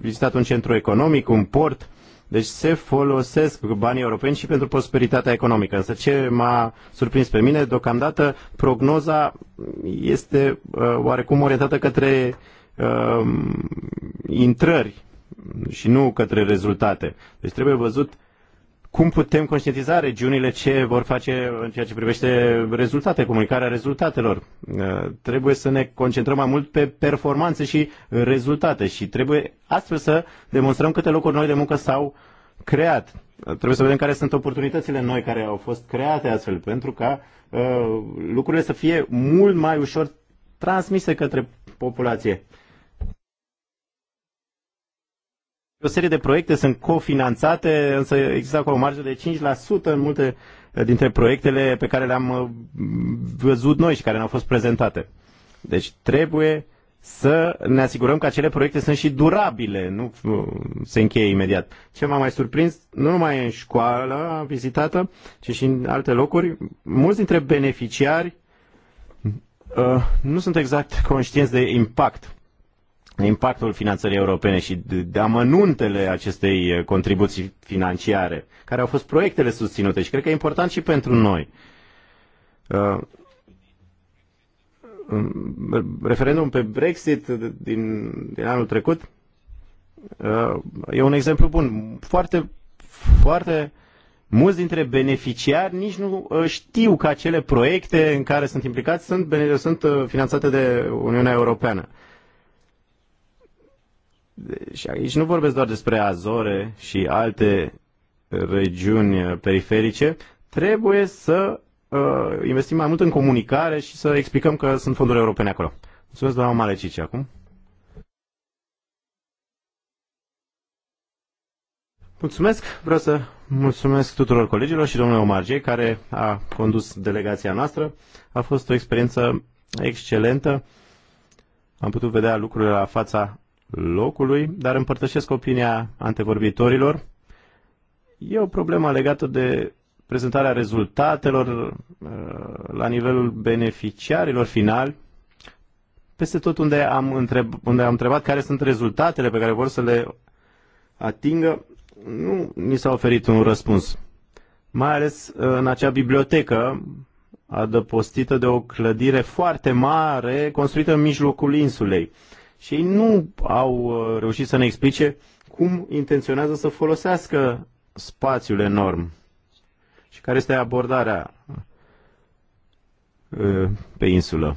vizitat un centru economic, un port, deci se folosesc banii europeni și pentru prosperitatea economică. Însă ce m-a surprins pe mine, deocamdată prognoza este uh, oarecum orientată către uh, intrări și nu către rezultate. Deci trebuie văzut cum putem conștientiza regiunile ce vor face în ceea ce privește rezultate, comunicarea rezultatelor. Uh, trebuie să ne concentrăm mai mult pe performanțe și rezultate și trebuie astfel să demonstrăm câte locuri noi de muncă s-au creat. Uh, trebuie să vedem care sunt oportunitățile noi care au fost create astfel pentru ca uh, lucrurile să fie mult mai ușor transmise către populație. O serie de proiecte sunt cofinanțate, însă există acolo o marjă de 5% în multe eh, dintre proiectele pe care le-am eh, văzut noi și care ne-au fost prezentate. Deci trebuie să ne asigurăm că acele proiecte sunt și durabile, nu eh, se încheie imediat. Ce m-a mai surprins, nu numai în școală vizitată, ci și în alte locuri, mulți dintre beneficiari uh, nu sunt exact conștienți de impact impactul finanțării europene și de amănuntele acestei eh, contribuții financiare, care au fost proiectele susținute și cred că e important și pentru noi. Uh, um, referendum pe Brexit din, din anul trecut uh, e un exemplu bun. Foarte, foarte mulți dintre beneficiari nici nu uh, știu că acele proiecte în care sunt implicați sunt, sunt finanțate de Uniunea Europeană. Și aici nu vorbesc doar despre Azore și alte regiuni periferice, trebuie să uh, investim mai mult în comunicare și să explicăm că sunt fonduri europene acolo. Mulțumesc, doamna Malecici, acum. Mulțumesc, vreau să mulțumesc tuturor colegilor și domnului Omarge, care a condus delegația noastră. A fost o experiență excelentă. Am putut vedea lucrurile la fața locului, dar împărtășesc opinia antevorbitorilor. E o problemă legată de prezentarea rezultatelor uh, la nivelul beneficiarilor finali. Peste tot unde am, întreb, unde am întrebat care sunt rezultatele pe care vor să le atingă, nu ni s-a oferit un răspuns. Mai ales uh, în acea bibliotecă adăpostită de o clădire foarte mare construită în mijlocul insulei. Și ei nu au uh, reușit să ne explice cum intenționează să folosească spațiul enorm și care este abordarea uh, pe insulă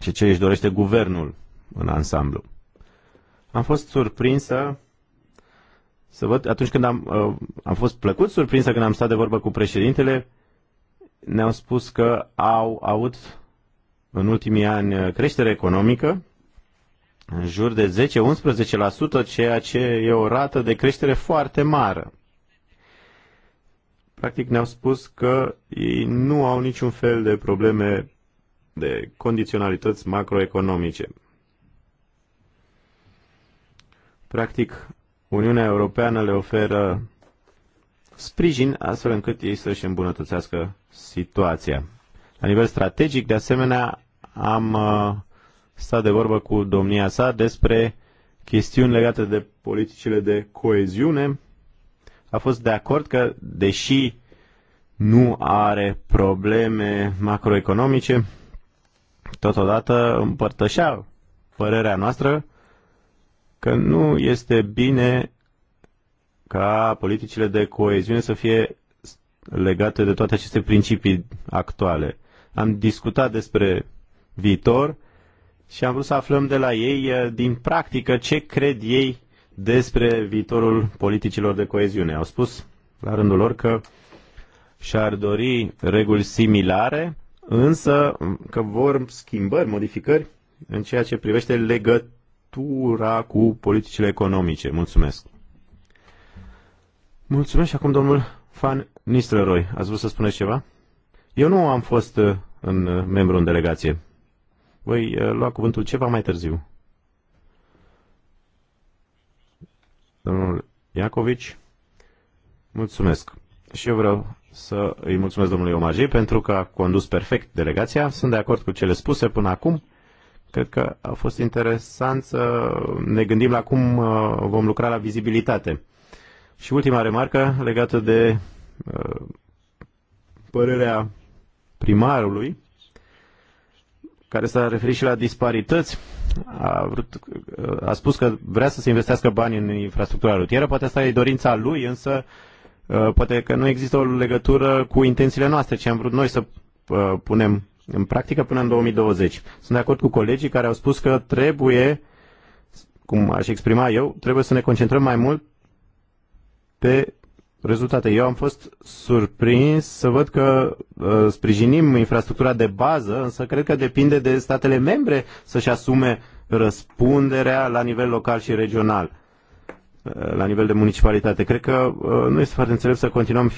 și ce își dorește guvernul în ansamblu. Am fost surprinsă să văd, atunci când am, uh, am fost plăcut surprinsă când am stat de vorbă cu președintele, ne-au spus că au avut în ultimii ani creștere economică, în jur de 10-11%, ceea ce e o rată de creștere foarte mare. Practic ne-au spus că ei nu au niciun fel de probleme de condiționalități macroeconomice. Practic, Uniunea Europeană le oferă sprijin astfel încât ei să-și îmbunătățească situația. La nivel strategic, de asemenea, am uh, stat de vorbă cu domnia sa despre chestiuni legate de politicile de coeziune. A fost de acord că, deși nu are probleme macroeconomice, totodată împărtășea părerea noastră că nu este bine ca politicile de coeziune să fie legate de toate aceste principii actuale. Am discutat despre viitor și am vrut să aflăm de la ei, eh, din practică, ce cred ei despre viitorul politicilor de coeziune. Au spus, la rândul lor, că și-ar dori reguli similare, însă că vor schimbări, modificări în ceea ce privește legătura cu politicile economice. Mulțumesc! Mulțumesc și acum domnul Fan Nistelrooy. Ați vrut să spuneți ceva? Eu nu am fost eh, în eh, membru în delegație. Voi uh, lua cuvântul ceva mai târziu. Domnul Iacovici, mulțumesc. Și eu vreau să îi mulțumesc domnului Omagei pentru că a condus perfect delegația. Sunt de acord cu cele spuse până acum. Cred că a fost interesant să ne gândim la cum uh, vom lucra la vizibilitate. Și ultima remarcă legată de uh, părerea primarului care s-a referit și la disparități, a, vrut, a spus că vrea să se investească bani în infrastructura rutieră, poate asta e dorința lui, însă ă, poate că nu există o legătură cu intențiile noastre, ce am vrut noi să ă, punem în practică până în 2020. Sunt de acord cu colegii care au spus că trebuie, cum aș exprima eu, trebuie să ne concentrăm mai mult pe rezultate. Eu am fost surprins să văd că uh, sprijinim infrastructura de bază, însă cred că depinde de statele membre să-și asume răspunderea la nivel local și regional, uh, la nivel de municipalitate. Cred că uh, nu este foarte înțelept să continuăm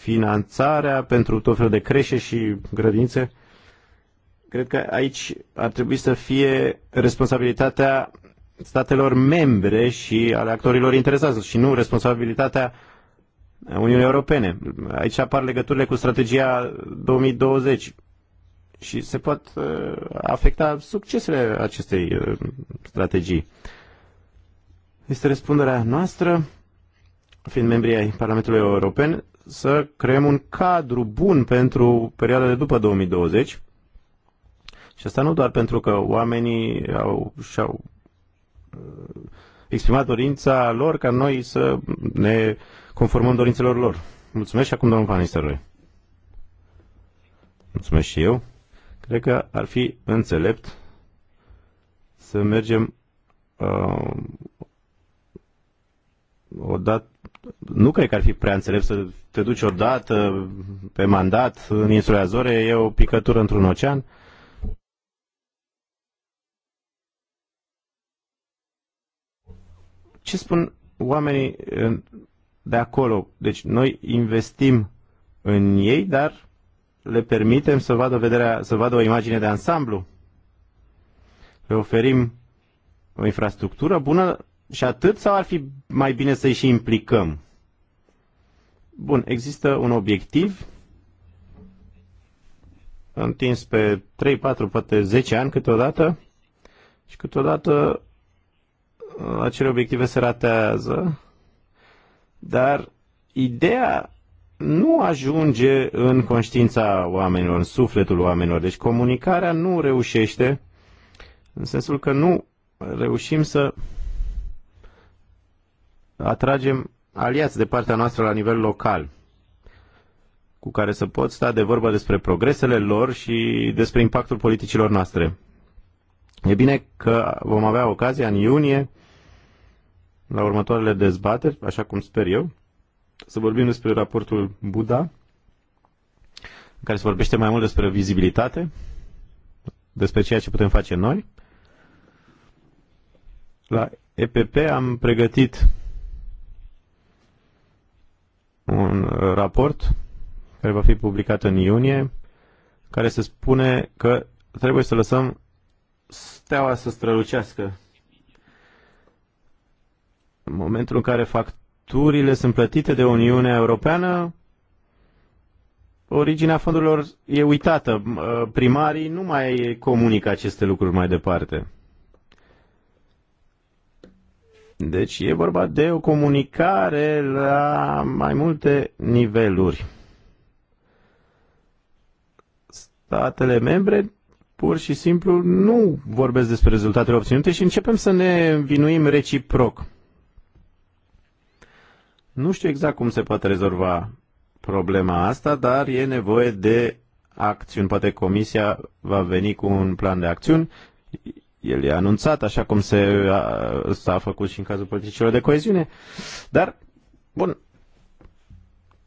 finanțarea pentru tot felul de creșe și grădințe. Cred că aici ar trebui să fie responsabilitatea statelor membre și ale actorilor interesați și nu responsabilitatea Uniunii Europene. Aici apar legăturile cu strategia 2020 și se pot uh, afecta succesele acestei uh, strategii. Este răspunderea noastră, fiind membri ai Parlamentului European, să creăm un cadru bun pentru perioada de după 2020 și asta nu doar pentru că oamenii au, și-au uh, exprimat dorința lor ca noi să ne uh, conformăm dorințelor lor. Mulțumesc și acum domnul Panisteroi. Mulțumesc și eu. Cred că ar fi înțelept să mergem uh, odată nu cred că ar fi prea înțelept să te duci odată pe mandat în insula Azore, e o picătură într-un ocean. Ce spun oamenii de acolo. Deci noi investim în ei, dar le permitem să vadă, vederea, să vadă o imagine de ansamblu. Le oferim o infrastructură bună și atât sau ar fi mai bine să-i și implicăm? Bun, există un obiectiv întins pe 3, 4, poate 10 ani câteodată și câteodată acele obiective se ratează dar ideea nu ajunge în conștiința oamenilor, în sufletul oamenilor. Deci comunicarea nu reușește, în sensul că nu reușim să atragem aliați de partea noastră la nivel local, cu care să pot sta de vorbă despre progresele lor și despre impactul politicilor noastre. E bine că vom avea ocazia în iunie la următoarele dezbateri, așa cum sper eu, să vorbim despre raportul Buda, în care se vorbește mai mult despre vizibilitate, despre ceea ce putem face noi. La EPP am pregătit un raport care va fi publicat în iunie, care se spune că trebuie să lăsăm steaua să strălucească în momentul în care facturile sunt plătite de Uniunea Europeană, originea fondurilor e uitată. Ă, primarii nu mai comunică aceste lucruri mai departe. Deci e vorba de o comunicare la mai multe niveluri. Statele membre pur și simplu nu vorbesc despre rezultatele obținute și începem să ne vinuim reciproc. Nu știu exact cum se poate rezolva problema asta, dar e nevoie de acțiuni. Poate Comisia va veni cu un plan de acțiuni. El e anunțat, așa cum se, s-a făcut și în cazul politicilor de coeziune. Dar, bun,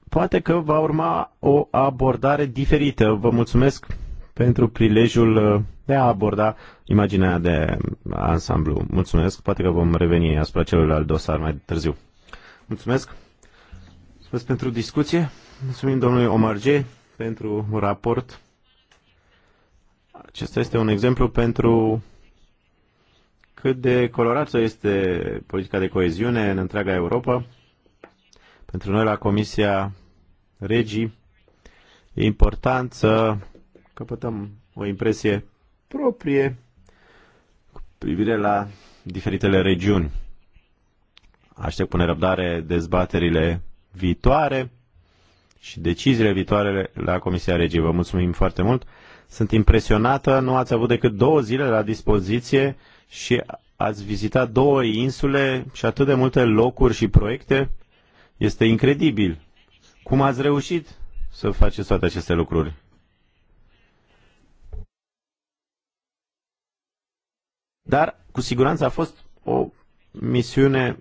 poate că va urma o abordare diferită. Vă mulțumesc pentru prilejul uh, de a aborda imaginea de ansamblu. Mulțumesc, poate că vom reveni asupra celorlalți dosar mai târziu. Mulțumesc! Mulțumesc pentru discuție. Mulțumim domnului G. pentru raport. Acesta este un exemplu pentru cât de colorată este politica de coeziune în întreaga Europa. Pentru noi la Comisia Regii e important să căpătăm o impresie proprie cu privire la diferitele regiuni. Aștept cu nerăbdare dezbaterile viitoare și deciziile viitoare la Comisia Regii. Vă mulțumim foarte mult. Sunt impresionată, nu ați avut decât două zile la dispoziție și ați vizitat două insule și atât de multe locuri și proiecte. Este incredibil. Cum ați reușit să faceți toate aceste lucruri? Dar, cu siguranță, a fost o misiune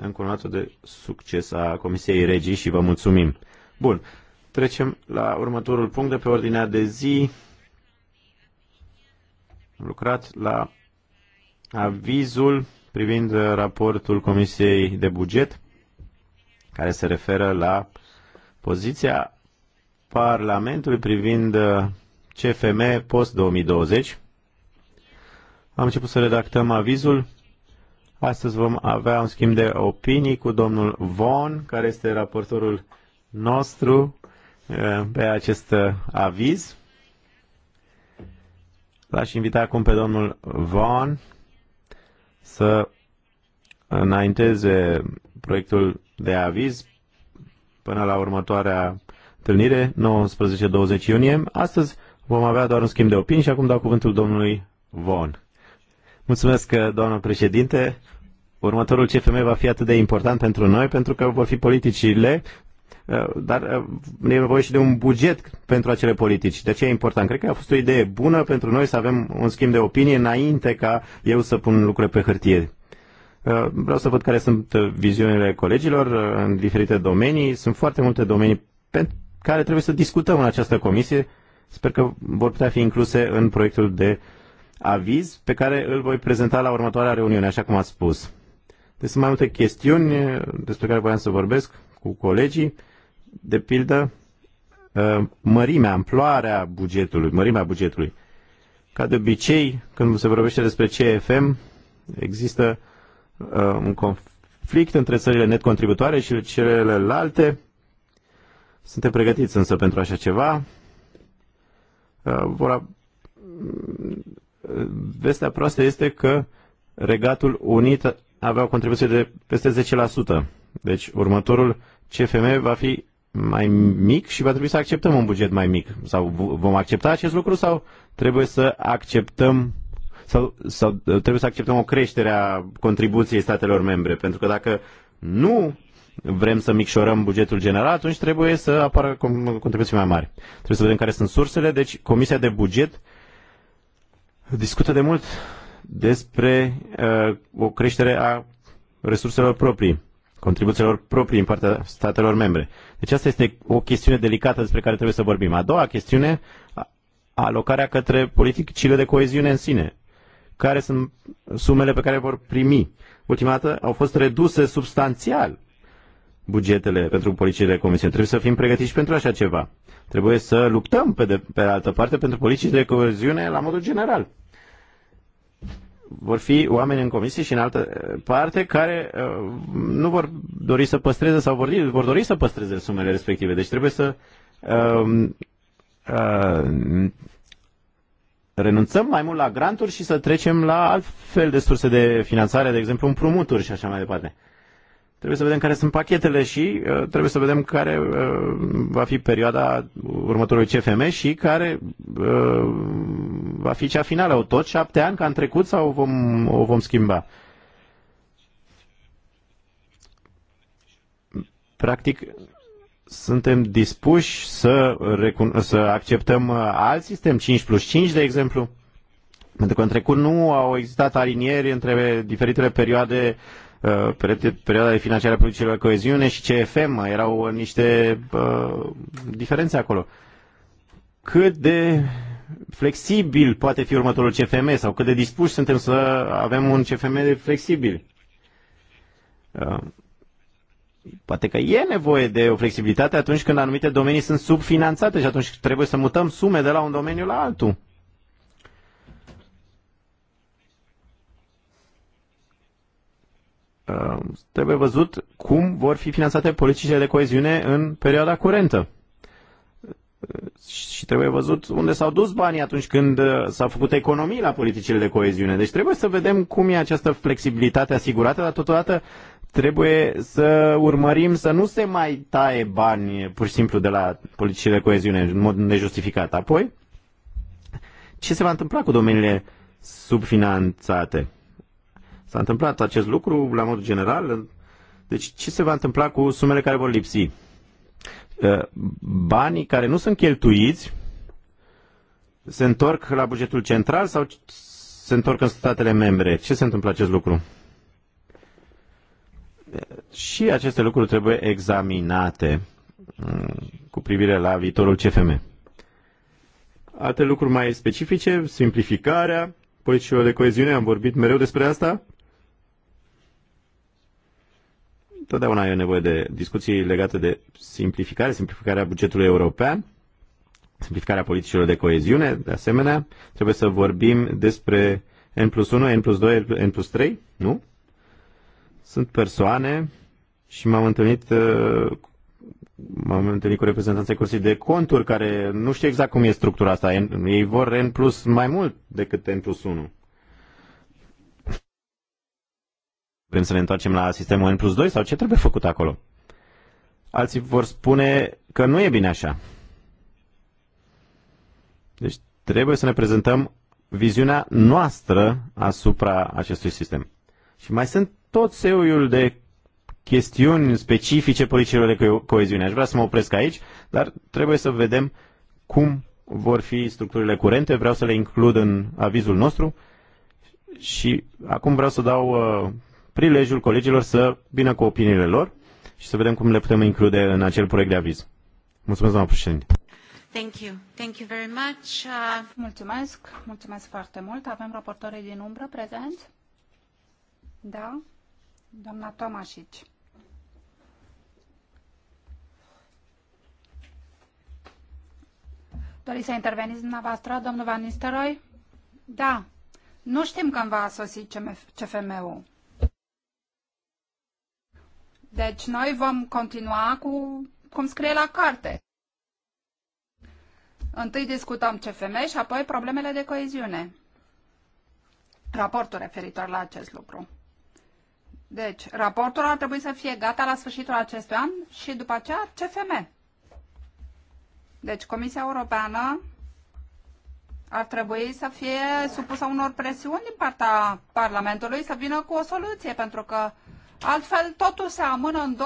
încununată de succes a Comisiei Regii și vă mulțumim. Bun, trecem la următorul punct de pe ordinea de zi. Am lucrat la avizul privind raportul Comisiei de Buget, care se referă la poziția Parlamentului privind CFM post-2020. Am început să redactăm avizul Astăzi vom avea un schimb de opinii cu domnul Von, care este raportorul nostru eh, pe acest eh, aviz. L-aș invita acum pe domnul Von să înainteze proiectul de aviz până la următoarea întâlnire, 19-20 iunie. Astăzi vom avea doar un schimb de opinii și acum dau cuvântul domnului Von. Mulțumesc, uh, doamnă președinte. Următorul CFM va fi atât de important pentru noi, pentru că vor fi politicile, uh, dar uh, e nevoie și de un buget pentru acele politici. De ce e important? Cred că a fost o idee bună pentru noi să avem un schimb de opinie înainte ca eu să pun lucrurile pe hârtie. Vreau să văd care sunt viziunile colegilor în diferite domenii. Sunt foarte multe domenii pe care trebuie să discutăm în această comisie. Sper că vor putea fi incluse în proiectul de uh, aviz pe care îl voi prezenta la următoarea reuniune, așa cum ați spus. Deci sunt mai multe chestiuni eh, despre care voiam să vorbesc cu colegii. De pildă, eh, mărimea, amploarea bugetului, mărimea bugetului. Ca de obicei, când se vorbește despre CFM, există eh, un conflict între țările net contributoare și celelalte. Suntem pregătiți însă pentru așa ceva. Vor vestea proastă este că Regatul Unit avea o contribuție de peste 10%. Deci următorul CFM va fi mai mic și va trebui să acceptăm un buget mai mic. Sau vom accepta acest lucru sau trebuie să acceptăm sau, sau trebuie să acceptăm o creștere a contribuției statelor membre? Pentru că dacă nu vrem să micșorăm bugetul general, atunci trebuie să apară contribuții mai mari. Trebuie să vedem care sunt sursele. Deci Comisia de Buget uh, discută de mult despre uh, o creștere a resurselor proprii, contribuțiilor proprii în partea statelor membre. Deci asta este o chestiune delicată despre care trebuie să vorbim. A doua chestiune, alocarea către politicile de coeziune în sine. Care sunt sumele pe care vor primi? Ultima dată au fost reduse substanțial bugetele pentru poliție de comisie. Trebuie să fim pregătiți pentru așa ceva. Trebuie să luptăm pe, de, pe altă parte pentru poliție de coeziune la modul general. Vor fi oameni în comisie și în altă parte care uh, nu vor dori să păstreze sau vor, vor dori să păstreze sumele respective. Deci trebuie să uh, uh, renunțăm mai mult la granturi și să trecem la alt fel de surse de finanțare, de exemplu împrumuturi și așa mai departe. Trebuie să vedem care sunt pachetele și uh, trebuie să vedem care uh, va fi perioada următorului CFM și care uh, va fi cea finală. O tot șapte ani ca în trecut sau o vom, o vom schimba? Practic, suntem dispuși să, să acceptăm uh, alt sistem, 5 plus 5, de exemplu? Pentru că în trecut nu au existat alinieri între diferitele perioade uh, perioada de finanțare a politicilor de coeziune și CFM, erau niște uh, diferențe acolo. Cât de flexibil poate fi următorul CFM sau cât de dispuși suntem să avem un CFM flexibil? Uh, poate că e nevoie de o flexibilitate atunci când anumite domenii sunt subfinanțate și atunci trebuie să mutăm sume de la un domeniu la altul. Uh, trebuie văzut cum vor fi finanțate politicile de coeziune în perioada curentă. Și trebuie văzut unde s-au dus banii atunci când uh, s-au făcut economii la politicile de coeziune. Deci trebuie să vedem cum e această flexibilitate asigurată, dar totodată trebuie să urmărim să nu se mai taie bani pur și simplu de la politicile de coeziune în mod nejustificat. Apoi, ce se va întâmpla cu domeniile subfinanțate? S-a întâmplat acest lucru la mod general. Deci ce se va întâmpla cu sumele care vor lipsi? Uh, banii care nu sunt cheltuiți se întorc la bugetul central sau se întorc în statele membre? Ce se întâmplă acest lucru? Uh, și aceste lucruri trebuie examinate mm, cu privire la viitorul CFM. Alte lucruri mai specifice, simplificarea, politicilor de coeziune, am vorbit mereu despre asta. Totdeauna e nevoie de discuții legate de simplificare, simplificarea bugetului european, simplificarea politicilor de coeziune, de asemenea. Trebuie să vorbim despre N plus 1, N plus 2, N plus 3, nu? Sunt persoane și m-am întâlnit uh, m-am întâlnit cu reprezentanții Curții de Conturi care nu știu exact cum e structura asta. Ei vor N plus mai mult decât N plus 1. Vrem să ne întoarcem la sistemul N plus 2 sau ce trebuie făcut acolo? Alții vor spune că nu e bine așa. Deci trebuie să ne prezentăm viziunea noastră asupra acestui sistem. Și mai sunt tot seuiul de chestiuni specifice politicilor de co- coeziune. Aș vrea să mă opresc aici, dar trebuie să vedem cum vor fi structurile curente, vreau să le includ în avizul nostru și acum vreau să dau uh, prilejul colegilor să vină cu opiniile lor și să vedem cum le putem include în acel proiect de aviz. Mulțumesc, doamna președinte. Thank you. Thank you very much. Uh... Mulțumesc, mulțumesc foarte mult. Avem raportorii din umbră prezent. Da? Doamna Tomașici. Doriți să interveniți dumneavoastră, domnul Van Nistelrooy? Da. Nu știm când va sosi CFM-ul. Deci noi vom continua cu cum scrie la carte. Întâi discutăm CFM și apoi problemele de coeziune. Raportul referitor la acest lucru. Deci, raportul ar trebui să fie gata la sfârșitul acestui an și după aceea CFM. Deci, Comisia Europeană ar trebui să fie supusă unor presiuni din partea Parlamentului să vină cu o soluție, pentru că uh, Altfel, totul se amână în 2018-2019,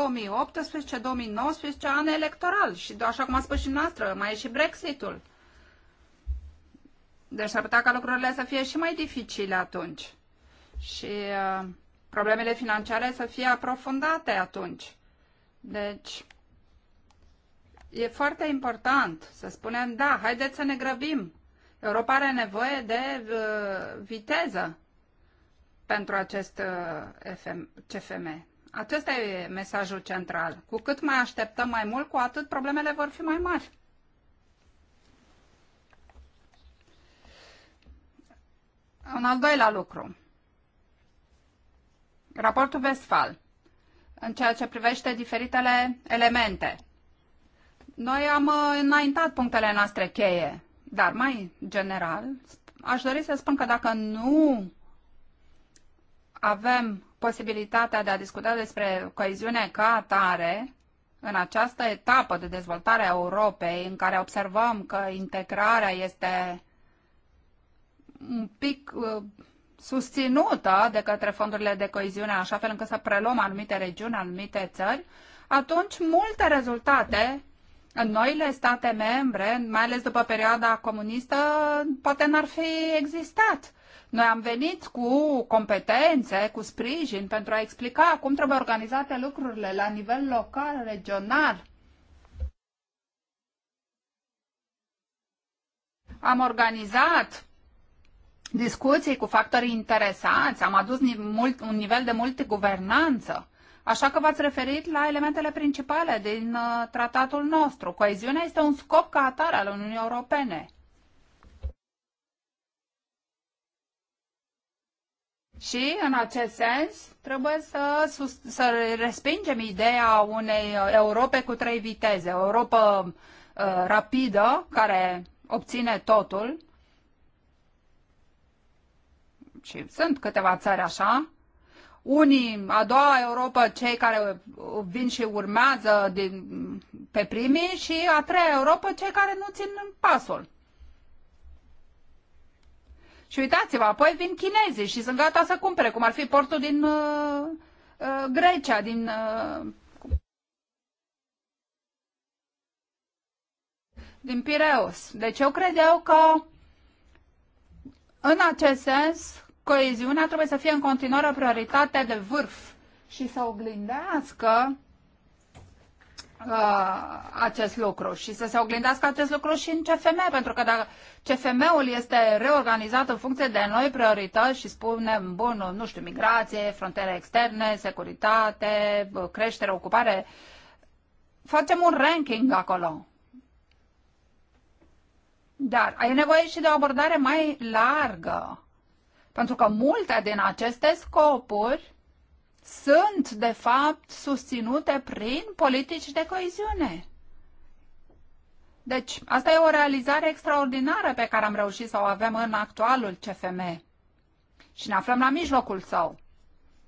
an electoral. Și așa cum a spus și noastră, mai e și Brexitul. Deci s-ar putea ca lucrurile să fie și mai dificile atunci. Și uh, problemele financiare să fie aprofundate atunci. Deci, e foarte important să spunem, da, haideți să ne grăbim. Europa are nevoie de uh, viteză pentru acest uh, FM, CFM. Acesta e mesajul central. Cu cât mai așteptăm mai mult, cu atât problemele vor fi mai mari. Un al doilea lucru. Raportul Vestfal. În ceea ce privește diferitele elemente. Noi am uh, înaintat punctele noastre cheie, dar mai general, aș dori să spun că dacă nu avem posibilitatea de a discuta despre coeziune ca atare în această etapă de dezvoltare a Europei, în care observăm că integrarea este un pic uh, susținută de către fondurile de coeziune, așa fel încât să preluăm anumite regiuni, anumite țări, atunci multe rezultate în noile state membre, mai ales după perioada comunistă, poate n-ar fi existat. Noi am venit cu competențe, cu sprijin pentru a explica cum trebuie organizate lucrurile la nivel local, regional. Am organizat discuții cu factorii interesați, am adus un nivel de multiguvernanță. Așa că v-ați referit la elementele principale din uh, tratatul nostru. Coeziunea este un scop ca atare al Uniunii Europene. Și, în acest sens, trebuie să, să respingem ideea unei uh, Europe cu trei viteze. O Europa uh, rapidă, care obține totul. Și sunt câteva țări așa. Unii, a doua Europa, cei care vin și urmează din, pe primii și a treia Europa, cei care nu țin pasul. Și uitați-vă, apoi vin chinezii și sunt gata să cumpere, cum ar fi portul din uh, uh, Grecia, din uh, din Pireus. Deci eu cred eu că în acest sens coeziunea trebuie să fie în continuare o prioritate de vârf și să oglindească Uh, acest lucru și să se oglindească acest lucru și în CFM, pentru că dacă CFM-ul este reorganizat în funcție de noi priorități și spunem, bun, nu știu, migrație, frontiere externe, securitate, creștere, ocupare, facem un ranking acolo. Dar ai nevoie și de o abordare mai largă, pentru că multe din aceste scopuri sunt, de fapt, susținute prin politici de coeziune. Deci, asta e o realizare extraordinară pe care am reușit să o avem în actualul CFM. Și ne aflăm la mijlocul său.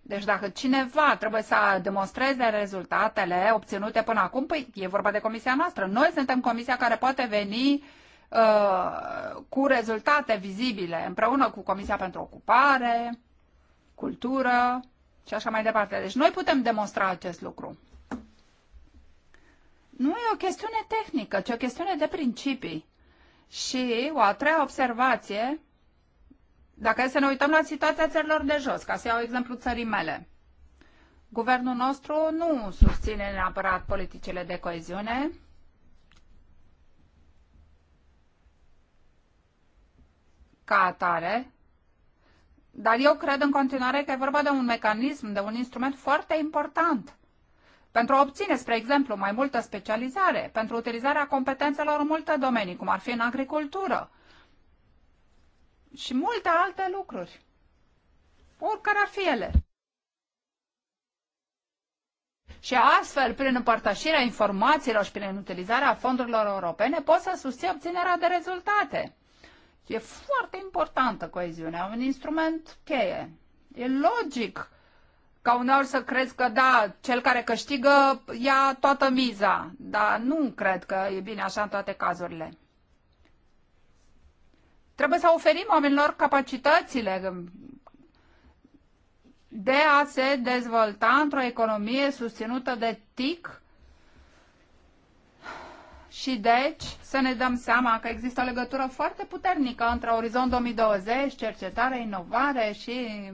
Deci dacă cineva trebuie să demonstreze rezultatele obținute până acum, păi e vorba de comisia noastră. Noi suntem comisia care poate veni uh, cu rezultate vizibile, împreună cu Comisia pentru Ocupare, Cultură, și așa mai departe. Deci noi putem demonstra acest lucru. Nu e o chestiune tehnică, ci o chestiune de principii. Și o a treia observație, dacă e să ne uităm la situația țărilor de jos, ca să iau exemplu țării mele, guvernul nostru nu susține neapărat politicile de coeziune, ca atare, dar eu cred în continuare că e vorba de un mecanism, de un instrument foarte important pentru a obține, spre exemplu, mai multă specializare, pentru utilizarea competențelor în multe domenii, cum ar fi în agricultură și multe alte lucruri, oricare ar fi ele. Și astfel, prin împărtășirea informațiilor și prin utilizarea fondurilor europene, poți să susții obținerea de rezultate. E foarte importantă coeziunea, un instrument cheie. E logic ca uneori să crezi că da, cel care câștigă ia toată miza, dar nu cred că e bine așa în toate cazurile. Trebuie să oferim oamenilor capacitățile de a se dezvolta într-o economie susținută de TIC și deci să ne dăm seama că există o legătură foarte puternică între Orizont 2020, cercetare, inovare și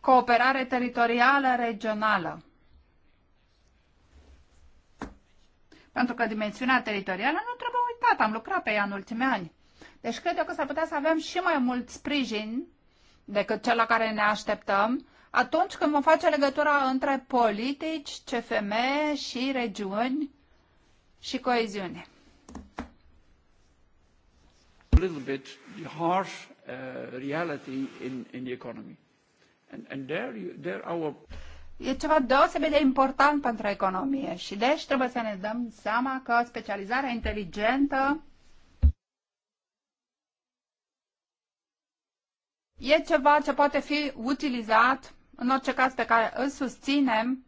cooperare teritorială regională. Pentru că dimensiunea teritorială nu trebuie uitată, am lucrat pe ea în ultimii ani. Deci cred eu că s-ar putea să avem și mai mult sprijin decât cel la care ne așteptăm atunci când vom face legătura între politici, CFM și regiuni și coeziune. A little bit the harsh uh, reality in, in the economy. And, and there, there our... E ceva deosebit de important pentru economie și deci trebuie să ne dăm seama că specializarea inteligentă e ceva ce poate fi utilizat în orice caz pe care îl susținem.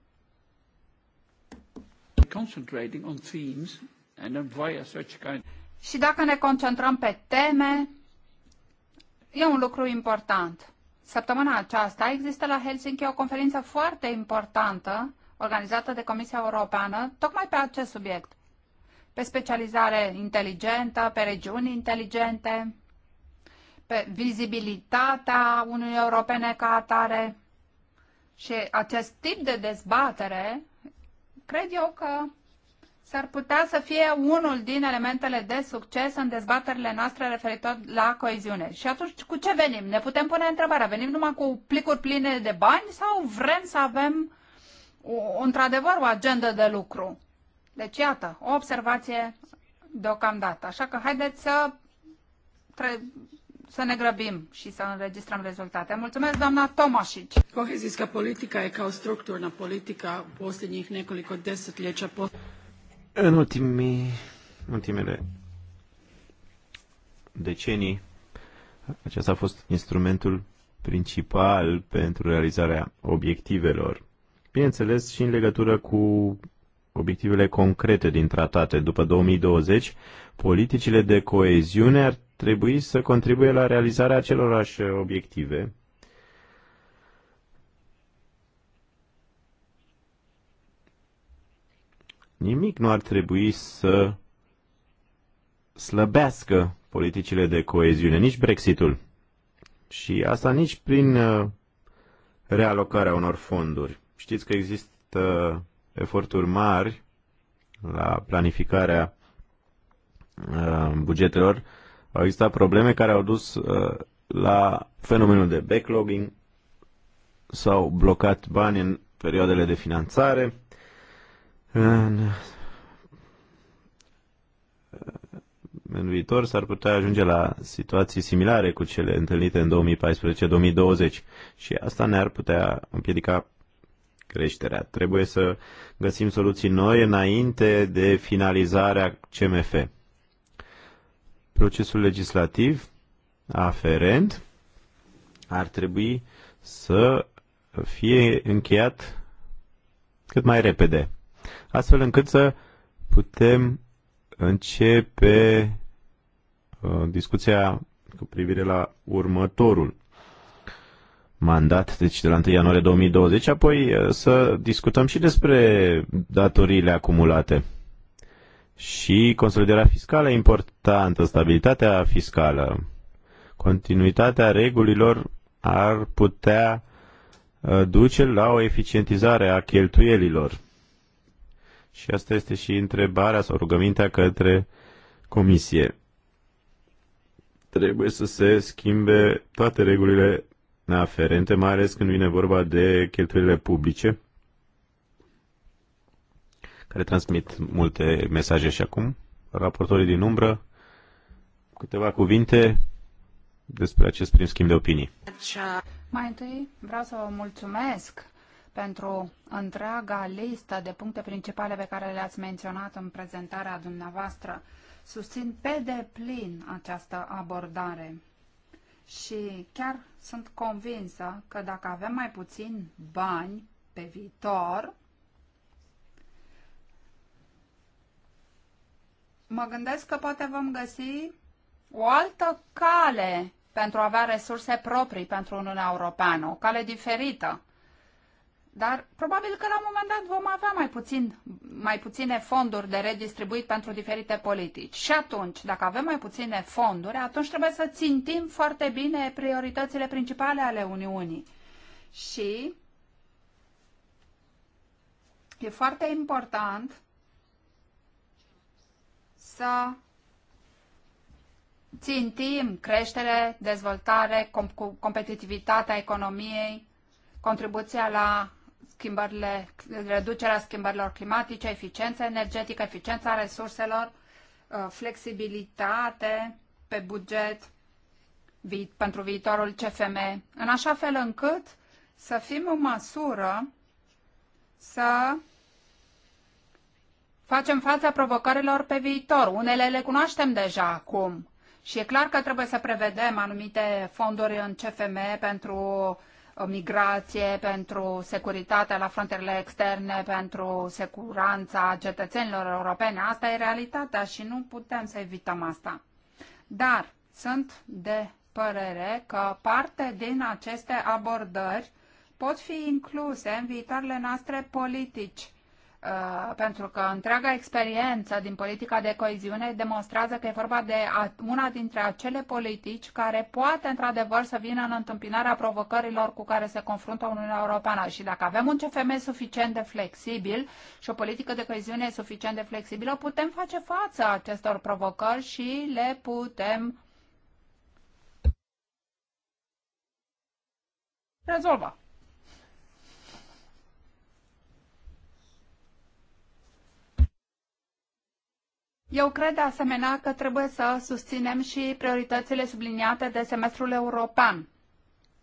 Și dacă ne concentrăm pe teme, e un lucru important. Săptămâna aceasta există la Helsinki o conferință foarte importantă organizată de Comisia Europeană tocmai pe acest subiect. Pe specializare inteligentă, pe regiuni inteligente, pe vizibilitatea Uniunii Europene ca atare. Și acest tip de dezbatere, cred eu că s-ar putea să fie unul din elementele de succes în dezbaterile noastre referitor la coeziune. Și atunci, cu ce venim? Ne putem pune întrebarea, venim numai cu plicuri pline de bani sau vrem să avem într-adevăr o agendă de lucru? Deci, iată, o observație deocamdată. Așa că haideți să să ne grăbim și să înregistrăm rezultate. Mulțumesc, doamna Tomašić. Kohezijska politika e ca o structură politică posljednjih nekoliko desetljeća în ultimii, ultimele decenii, acesta a fost instrumentul principal pentru realizarea obiectivelor. Bineînțeles, și în legătură cu obiectivele concrete din tratate. După 2020, politicile de coeziune ar trebui să contribuie la realizarea acelorași obiective. Nimic nu ar trebui să slăbească politicile de coeziune, nici Brexitul. Și asta nici prin uh, realocarea unor fonduri. Știți că există eforturi mari la planificarea uh, bugetelor, au existat probleme care au dus uh, la fenomenul de backlogging, s-au blocat bani în perioadele de finanțare, în, uh, în viitor s-ar putea ajunge la situații similare cu cele întâlnite în 2014-2020 și asta ne-ar putea împiedica creșterea. Trebuie să găsim soluții noi înainte de finalizarea CMF. Procesul legislativ aferent ar trebui să fie încheiat cât mai repede, astfel încât să putem începe uh, discuția cu privire la următorul mandat, deci de la 1 ianuarie 2020, apoi uh, să discutăm și despre datoriile acumulate. Și consolidarea fiscală importantă, stabilitatea fiscală, continuitatea regulilor ar putea uh, duce la o eficientizare a cheltuielilor. Și asta este și întrebarea sau rugămintea către Comisie. Trebuie să se schimbe toate regulile aferente, mai ales când vine vorba de cheltuielile publice, care transmit multe mesaje și acum. Raportorii din umbră, câteva cuvinte despre acest prim schimb de opinii. Mai întâi vreau să vă mulțumesc pentru întreaga listă de puncte principale pe care le-ați menționat în prezentarea dumneavoastră. Susțin pe deplin această abordare și chiar sunt convinsă că dacă avem mai puțin bani pe viitor, mă gândesc că poate vom găsi o altă cale pentru a avea resurse proprii pentru Uniunea Europeană, o cale diferită. Dar probabil că la un moment dat vom avea mai, puțin, mai puține fonduri de redistribuit pentru diferite politici. Și atunci, dacă avem mai puține fonduri, atunci trebuie să țintim foarte bine prioritățile principale ale Uniunii. Și e foarte important să țintim creștere, dezvoltare, com competitivitatea economiei, contribuția la schimbările, reducerea schimbărilor climatice, eficiența energetică, eficiența resurselor, uh, flexibilitate pe buget pentru viitorul CFM, în așa fel încât să fim în măsură să facem fața provocărilor pe viitor. Unele le cunoaștem deja acum și e clar că trebuie să prevedem anumite fonduri în CFM pentru uh, migrație, pentru securitatea la frontierele externe, pentru securanța cetățenilor europene. Asta e realitatea și nu putem să evităm asta. Dar sunt de părere că parte din aceste abordări pot fi incluse în viitoarele noastre politici Uh, pentru că întreaga experiență din politica de coeziune demonstrează că e vorba de una dintre acele politici care poate într-adevăr să vină în întâmpinarea provocărilor cu care se confruntă Uniunea Europeană. Și dacă avem un CFM suficient de flexibil și o politică de coeziune suficient de flexibilă, putem face față acestor provocări și le putem rezolva. Eu cred de asemenea că trebuie să susținem și prioritățile subliniate de semestrul european.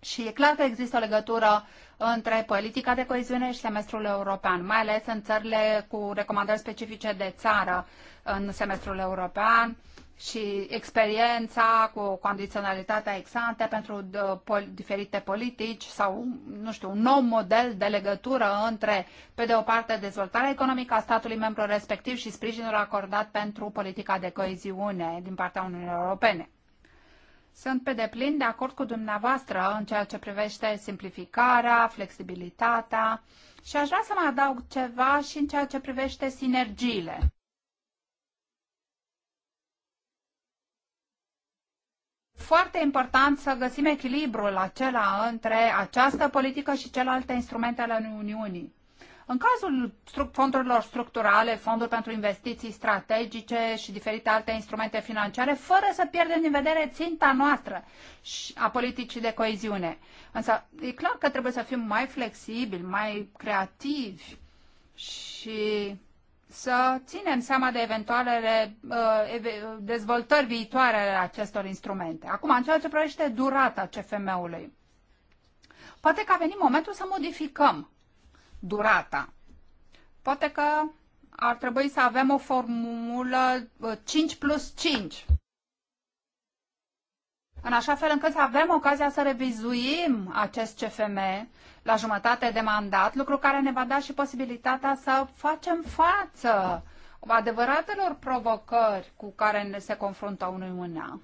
Și e clar că există o legătură între politica de coeziune și semestrul european, mai ales în țările cu recomandări specifice de țară în semestrul european, și experiența cu condiționalitatea exante pentru uh, diferite politici sau, nu știu, un nou model de legătură între, pe de o parte, dezvoltarea economică a statului membru respectiv și sprijinul acordat pentru politica de coeziune din partea Uniunii Europene. Sunt pe deplin de acord cu dumneavoastră în ceea ce privește simplificarea, flexibilitatea și aș vrea să mai adaug ceva și în ceea ce privește sinergiile. foarte important să găsim echilibrul acela între această politică și celelalte instrumente ale Uniunii. În cazul fondurilor structurale, fonduri pentru investiții strategice și diferite alte instrumente financiare, fără să pierdem din vedere ținta noastră și a politicii de coeziune. Însă e clar că trebuie să fim mai flexibili, mai creativi și să ținem seama de eventualele uh, dezvoltări viitoare ale acestor instrumente. Acum, în ceea ce privește durata CFM-ului, poate că a venit momentul să modificăm durata. Poate că ar trebui să avem o formulă 5 uh, plus 5 în așa fel încât să avem ocazia să revizuim acest CFM la jumătate de mandat, lucru care ne va da și posibilitatea să facem față adevăratelor provocări cu care ne se confruntă unui mânea.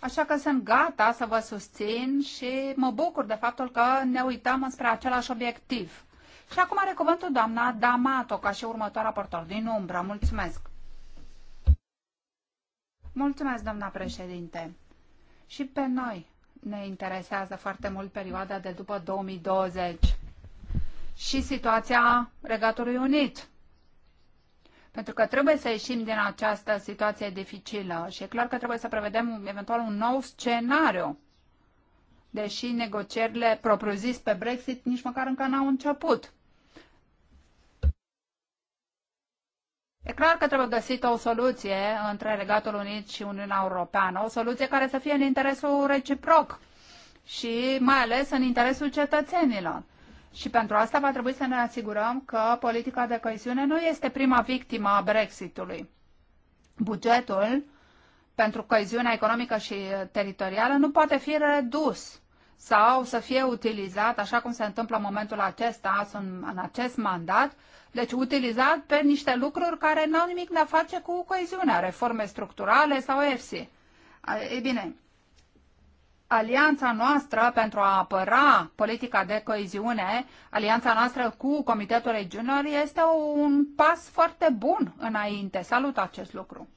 Așa că sunt gata să vă susțin și mă bucur de faptul că ne uităm înspre același obiectiv. Și acum are cuvântul doamna Damato, ca și următoarea portor din umbră. Mulțumesc! Mulțumesc, doamna președinte! Și pe noi ne interesează foarte mult perioada de după 2020 și situația Regatului Unit. Pentru că trebuie să ieșim din această situație dificilă și e clar că trebuie să prevedem eventual un nou scenariu. Deși negocierile propriu-zis pe Brexit nici măcar încă n-au început. E clar că trebuie găsită o soluție între Regatul Unit și Uniunea Europeană, o soluție care să fie în interesul reciproc și mai ales în interesul cetățenilor. Și pentru asta va trebui să ne asigurăm că politica de coeziune nu este prima victimă a Brexitului. Bugetul pentru coeziunea economică și teritorială nu poate fi redus sau să fie utilizat, așa cum se întâmplă în momentul acesta, în acest mandat, deci utilizat pe niște lucruri care nu au nimic de a face cu coeziunea, reforme structurale sau EFSI. Ei bine, alianța noastră pentru a apăra politica de coeziune, alianța noastră cu Comitetul Regiunilor, este un pas foarte bun înainte. Salut acest lucru!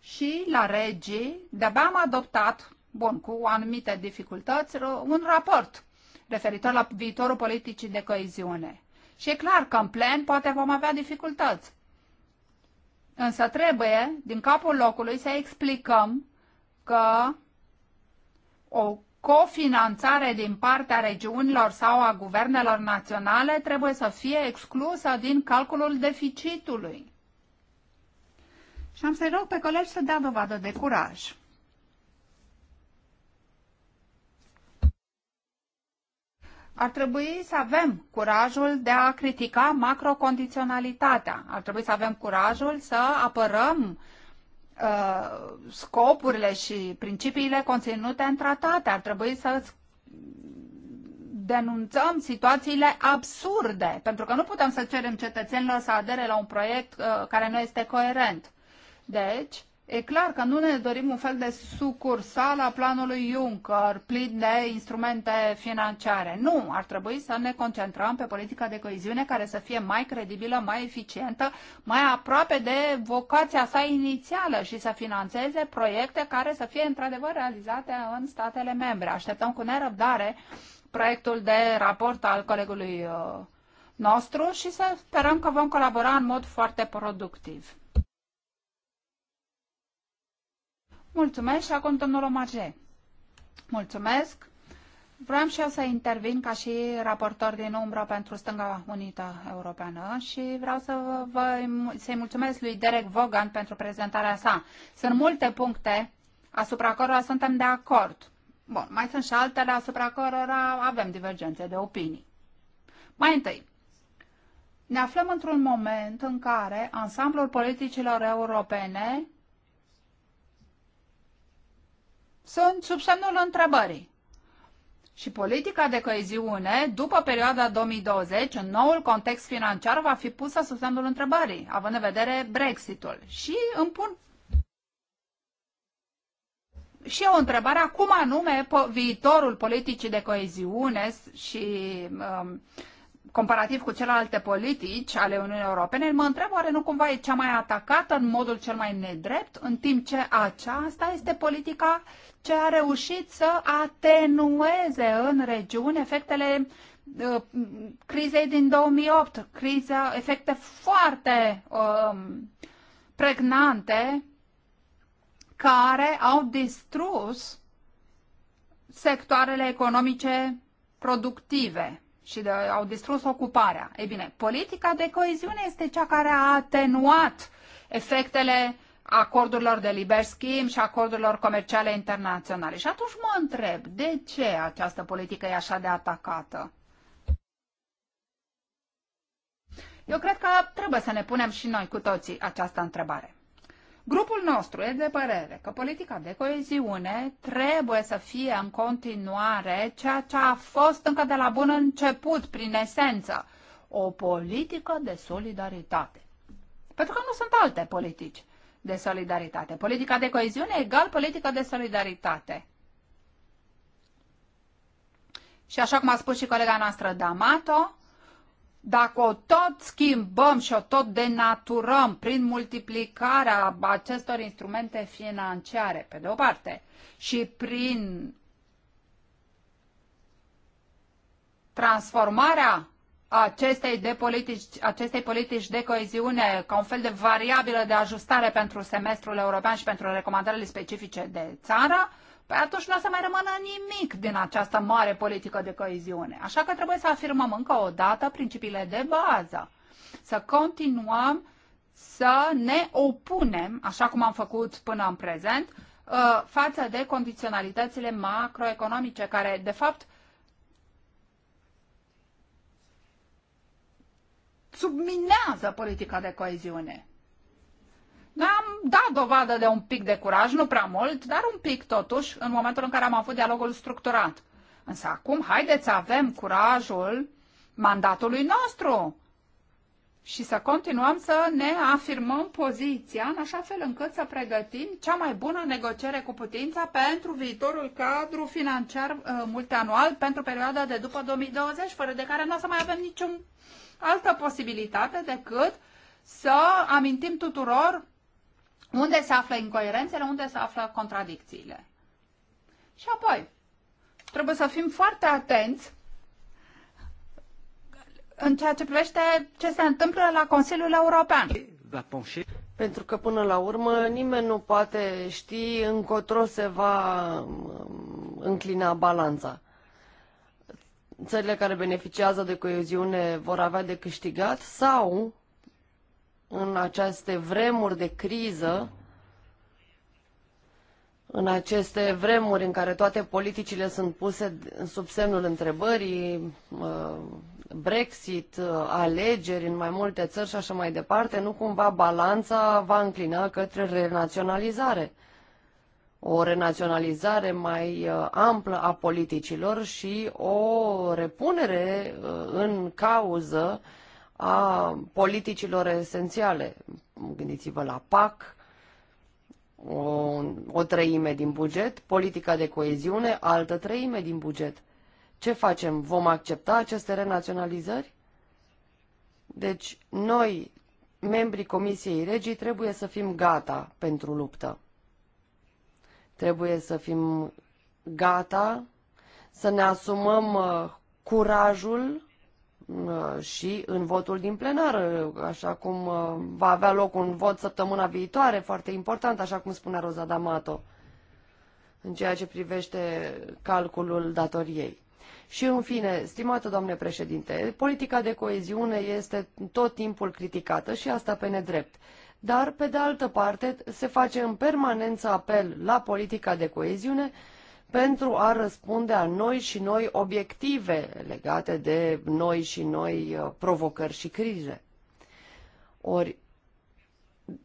Și la regii, de-abia am adoptat bun, cu anumite dificultăți, un raport referitor la viitorul politicii de coeziune. Și e clar că în plen poate vom avea dificultăți. Însă trebuie, din capul locului, să explicăm că o cofinanțare din partea regiunilor sau a guvernelor naționale trebuie să fie exclusă din calculul deficitului. Și am să-i rog pe colegi să dea dovadă de curaj. ar trebui să avem curajul de a critica macrocondiționalitatea. Ar trebui să avem curajul să apărăm uh, scopurile și principiile conținute în tratate. Ar trebui să denunțăm situațiile absurde, pentru că nu putem să cerem cetățenilor să adere la un proiect uh, care nu este coerent. Deci, E clar că nu ne dorim un fel de sucursal a planului Juncker, plin de instrumente financiare. Nu, ar trebui să ne concentrăm pe politica de coeziune care să fie mai credibilă, mai eficientă, mai aproape de vocația sa inițială și să financeze proiecte care să fie într-adevăr realizate în statele membre. Așteptăm cu nerăbdare proiectul de raport al colegului uh, nostru și să sperăm că vom colabora în mod foarte productiv. Mulțumesc și acum domnul Omarje. Mulțumesc. Vreau și eu să intervin ca și raportor din umbră pentru Stânga Unită Europeană și vreau să vă, să-i mulțumesc lui Derek Vogan pentru prezentarea sa. Sunt multe puncte asupra cărora suntem de acord. Bun, mai sunt și altele asupra cărora avem divergențe de opinii. Mai întâi, ne aflăm într-un moment în care ansamblul politicilor europene sunt sub semnul întrebării. Și politica de coeziune, după perioada 2020, în noul context financiar, va fi pusă sub semnul întrebării, având în vedere Brexitul. Și îmi pun și eu întrebare: cum anume viitorul politicii de coeziune și uh, comparativ cu celelalte politici ale Uniunii Europene, mă întreb oare nu cumva e cea mai atacată în modul cel mai nedrept, în timp ce aceasta este politica ce a reușit să atenueze în regiuni efectele uh, crizei din 2008, criza, efecte foarte um, pregnante care au distrus sectoarele economice productive și de, au distrus ocuparea. Ei bine, politica de coeziune este cea care a atenuat efectele acordurilor de liber schimb și acordurilor comerciale internaționale. Și atunci mă întreb, de ce această politică e așa de atacată? Eu cred că trebuie să ne punem și noi cu toții această întrebare. Grupul nostru e de părere că politica de coeziune trebuie să fie în continuare ceea ce a fost încă de la bun început, prin esență, o politică de solidaritate. Pentru că nu sunt alte politici de solidaritate. Politica de coeziune egal politică de solidaritate. Și așa cum a spus și colega noastră D'Amato, dacă o tot schimbăm și o tot denaturăm prin multiplicarea acestor instrumente financiare, pe de o parte, și prin transformarea acestei, de politici, acestei politici de coeziune ca un fel de variabilă de ajustare pentru semestrul european și pentru recomandările specifice de țară, Păi atunci nu o să mai rămână nimic din această mare politică de coeziune. Așa că trebuie să afirmăm încă o dată principiile de bază. Să continuăm să ne opunem, așa cum am făcut până în prezent, uh, față de condiționalitățile macroeconomice, care, de fapt, subminează politica de coeziune am dat dovadă de un pic de curaj, nu prea mult, dar un pic totuși, în momentul în care am avut dialogul structurat. Însă acum, haideți să avem curajul mandatului nostru și să continuăm să ne afirmăm poziția în așa fel încât să pregătim cea mai bună negociere cu putința pentru viitorul cadru financiar uh, multianual pentru perioada de după 2020, fără de care nu o să mai avem niciun altă posibilitate decât să amintim tuturor unde se află incoerențele, unde se află contradicțiile. Și apoi, trebuie să fim foarte atenți în ceea ce privește ce se întâmplă la Consiliul European. Pentru că până la urmă nimeni nu poate ști încotro se va um, înclina balanța. Țările care beneficiază de coeziune vor avea de câștigat sau în aceste vremuri de criză, în aceste vremuri în care toate politicile sunt puse sub semnul întrebării, uh, Brexit, uh, alegeri în mai multe țări și așa mai departe, nu cumva balanța va înclina către renaționalizare. O renaționalizare mai uh, amplă a politicilor și o repunere în cauză a politicilor esențiale. Gândiți-vă la PAC, o, o treime din buget, politica de coeziune, altă treime din buget. Ce facem? Vom accepta aceste renaționalizări? Deci, noi, membrii Comisiei Regii, trebuie să fim gata pentru luptă. Trebuie să fim gata să ne asumăm uh, curajul Uh, și în votul din plenar, așa cum uh, va avea loc un vot săptămâna viitoare, foarte important, așa cum spunea Roza D'Amato, în ceea ce privește calculul datoriei. Și în fine, stimată doamne președinte, politica de coeziune este tot timpul criticată și asta pe nedrept. Dar, pe de altă parte, se face în permanență apel la politica de coeziune pentru a răspunde a noi și noi obiective legate de noi și noi uh, provocări și crize. Ori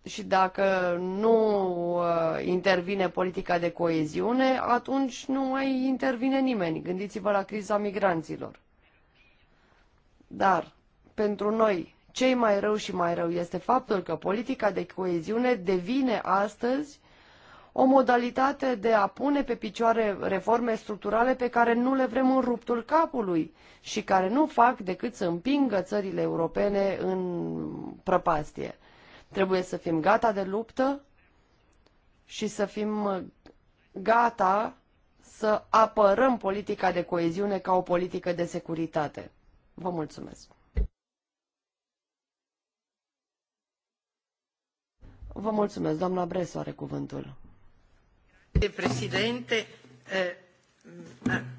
și dacă nu uh, intervine politica de coeziune, atunci nu mai intervine nimeni. Gândiți-vă la criza migranților. Dar, pentru noi, cei mai rău și mai rău este faptul că politica de coeziune devine astăzi o modalitate de a pune pe picioare reforme structurale pe care nu le vrem în ruptul capului și care nu fac decât să împingă țările europene în prăpastie. Trebuie să fim gata de luptă și să fim gata să apărăm politica de coeziune ca o politică de securitate. Vă mulțumesc! Vă mulțumesc, doamna Bresu are cuvântul. Presidente,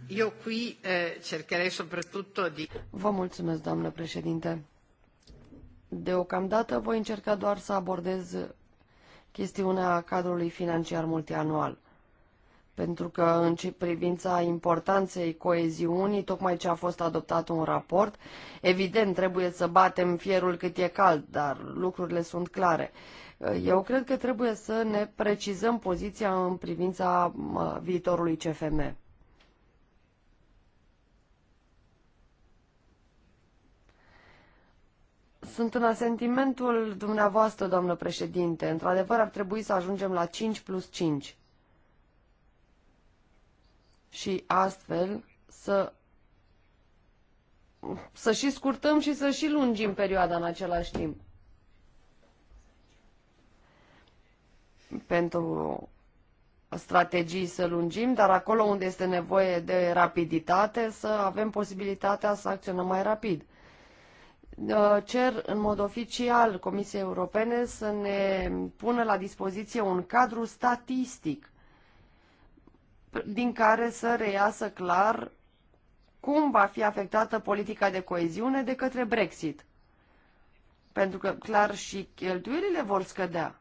eu eh, qui eh, cercherei soprattutto di... Vă mulțumesc, doamnă președinte. Deocamdată voi încerca doar să abordez chestiunea cadrului financiar multianual. Pentru că în privința importanței coeziunii, tocmai ce a fost adoptat un raport, evident trebuie să batem fierul cât e cald, dar lucrurile sunt clare. Eu cred că trebuie să ne precizăm poziția în privința viitorului CFM. Sunt în asentimentul dumneavoastră, doamnă președinte. Într-adevăr, ar trebui să ajungem la 5 plus 5. Și astfel să să și scurtăm și să și lungim perioada în același timp. pentru strategii să lungim, dar acolo unde este nevoie de rapiditate, să avem posibilitatea să acționăm mai rapid. Uh, cer în mod oficial Comisiei Europene să ne pună la dispoziție un cadru statistic din care să reiasă clar cum va fi afectată politica de coeziune de către Brexit. Pentru că, clar, și cheltuielile vor scădea.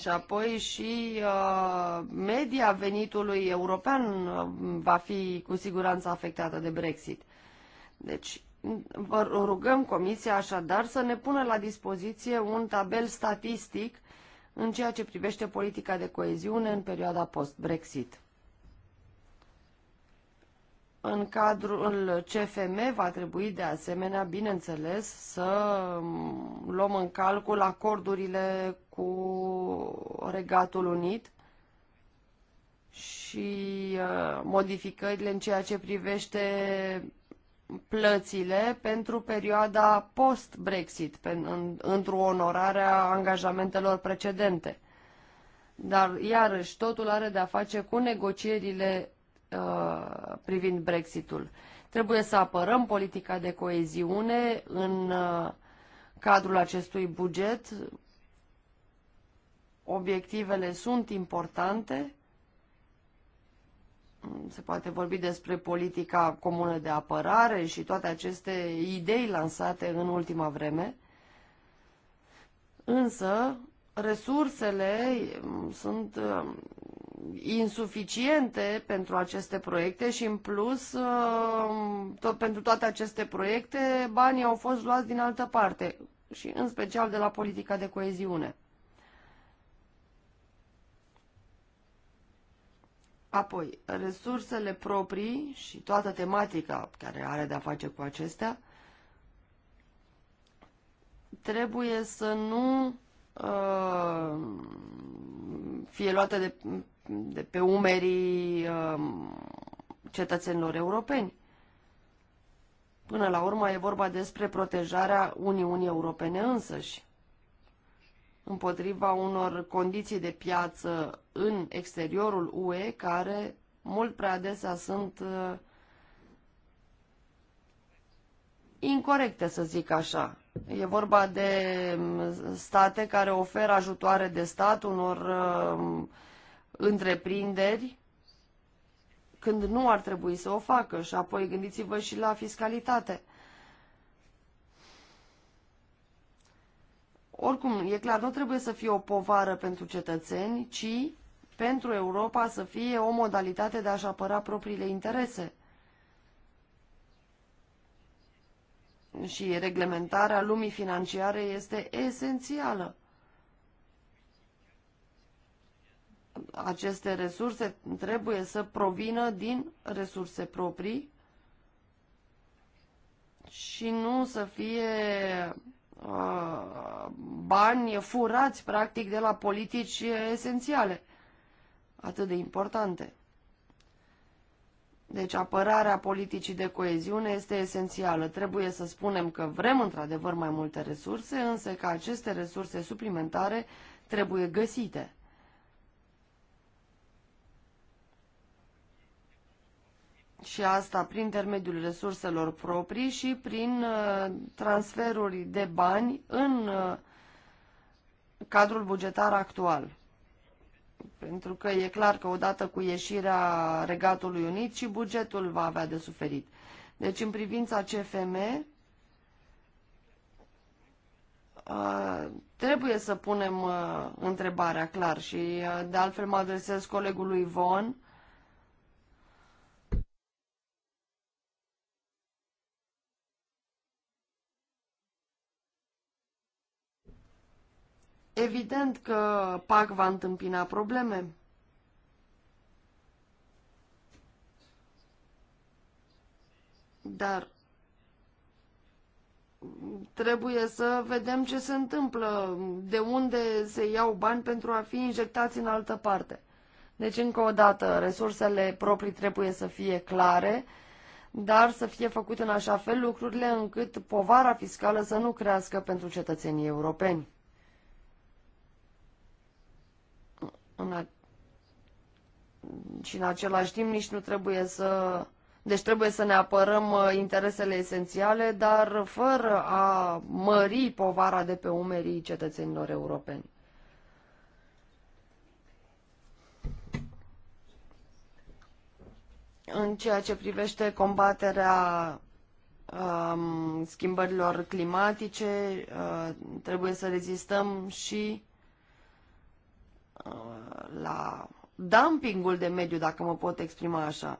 și apoi și uh, media venitului european uh, va fi cu siguranță afectată de Brexit. Deci vă rugăm Comisia așadar să ne pună la dispoziție un tabel statistic în ceea ce privește politica de coeziune în perioada post-Brexit. În cadrul CFM va trebui de asemenea, bineînțeles, să mm, luăm în calcul acordurile cu Regatul Unit și uh, modificările în ceea ce privește plățile pentru perioada post-Brexit, într-o onorare a angajamentelor precedente. Dar, iarăși, totul are de-a face cu negocierile uh, privind Brexitul. Trebuie să apărăm politica de coeziune în uh, cadrul acestui buget, Obiectivele sunt importante. Se poate vorbi despre politica comună de apărare și toate aceste idei lansate în ultima vreme. Însă, resursele mm, sunt mm, insuficiente pentru aceste proiecte și în plus mm, tot, pentru toate aceste proiecte banii au fost luați din altă parte și în special de la politica de coeziune. Apoi, resursele proprii și toată tematica care are de-a face cu acestea trebuie să nu uh, fie luate de, de pe umerii uh, cetățenilor europeni. Până la urmă e vorba despre protejarea Uniunii Europene însăși împotriva unor condiții de piață în exteriorul UE care mult prea adesea sunt uh, incorrecte, să zic așa. E vorba de um, state care oferă ajutoare de stat unor uh, întreprinderi când nu ar trebui să o facă și apoi gândiți-vă și la fiscalitate. Oricum, e clar, nu trebuie să fie o povară pentru cetățeni, ci pentru Europa să fie o modalitate de a-și apăra propriile interese. Și reglementarea lumii financiare este esențială. Aceste resurse trebuie să provină din resurse proprii și nu să fie Uh, bani furați, practic, de la politici esențiale, atât de importante. Deci apărarea politicii de coeziune este esențială. Trebuie să spunem că vrem într-adevăr mai multe resurse, însă că aceste resurse suplimentare trebuie găsite. și asta prin intermediul resurselor proprii și prin uh, transferuri de bani în uh, cadrul bugetar actual. Pentru că e clar că odată cu ieșirea Regatului Unit și bugetul va avea de suferit. Deci în privința CFM uh, trebuie să punem întrebarea clar și de altfel mă adresez colegului Von Evident că PAC va întâmpina probleme. Dar trebuie să vedem ce se întâmplă, de unde se iau bani pentru a fi injectați în altă parte. Deci, încă o dată, resursele proprii trebuie să fie clare, dar să fie făcute în așa fel lucrurile încât povara fiscală să nu crească pentru cetățenii europeni. În a... Și în același timp nici nu trebuie să... Deci trebuie să ne apărăm uh, interesele esențiale, dar fără a mări povara de pe umerii cetățenilor europeni. În ceea ce privește combaterea um, schimbărilor climatice, uh, trebuie să rezistăm și uh, la dumpingul de mediu, dacă mă pot exprima așa.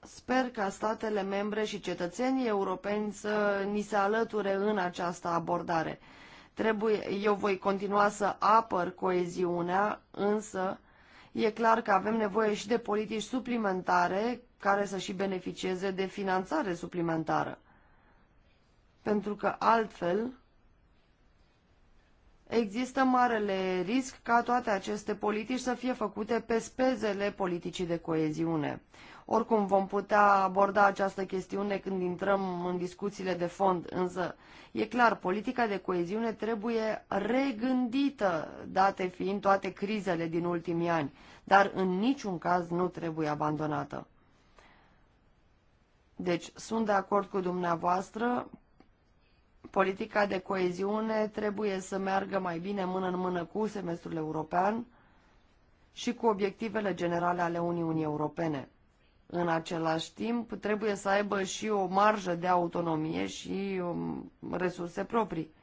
Sper ca statele membre și cetățenii europeni să ni se alăture în această abordare. Trebuie, eu voi continua să apăr coeziunea, însă e clar că avem nevoie și de politici suplimentare care să și beneficieze de finanțare suplimentară. Pentru că altfel există marele risc ca toate aceste politici să fie făcute pe spezele politicii de coeziune. Oricum vom putea aborda această chestiune când intrăm în discuțiile de fond, însă e clar, politica de coeziune trebuie regândită, date fiind toate crizele din ultimii ani, dar în niciun caz nu trebuie abandonată. Deci, sunt de acord cu dumneavoastră, politica de coeziune trebuie să meargă mai bine mână în mână cu semestrul european și cu obiectivele generale ale Uniunii Europene. În același timp, trebuie să aibă și o marjă de autonomie și um, resurse proprii.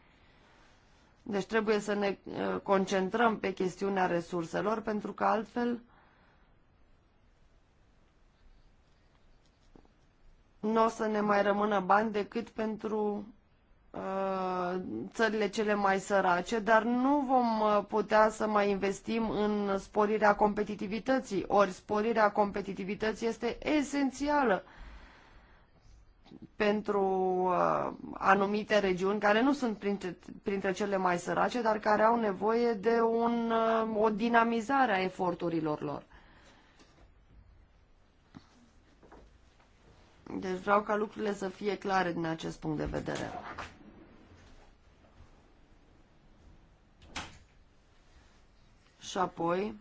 Deci trebuie să ne uh, concentrăm pe chestiunea resurselor, pentru că altfel nu o să ne mai rămână bani decât pentru Uh, țările cele mai sărace, dar nu vom uh, putea să mai investim în sporirea competitivității. Ori sporirea competitivității este esențială pentru uh, anumite regiuni care nu sunt printre, printre cele mai sărace, dar care au nevoie de un, o dinamizare a eforturilor lor. Deci vreau ca lucrurile să fie clare din acest punct de vedere. Și apoi,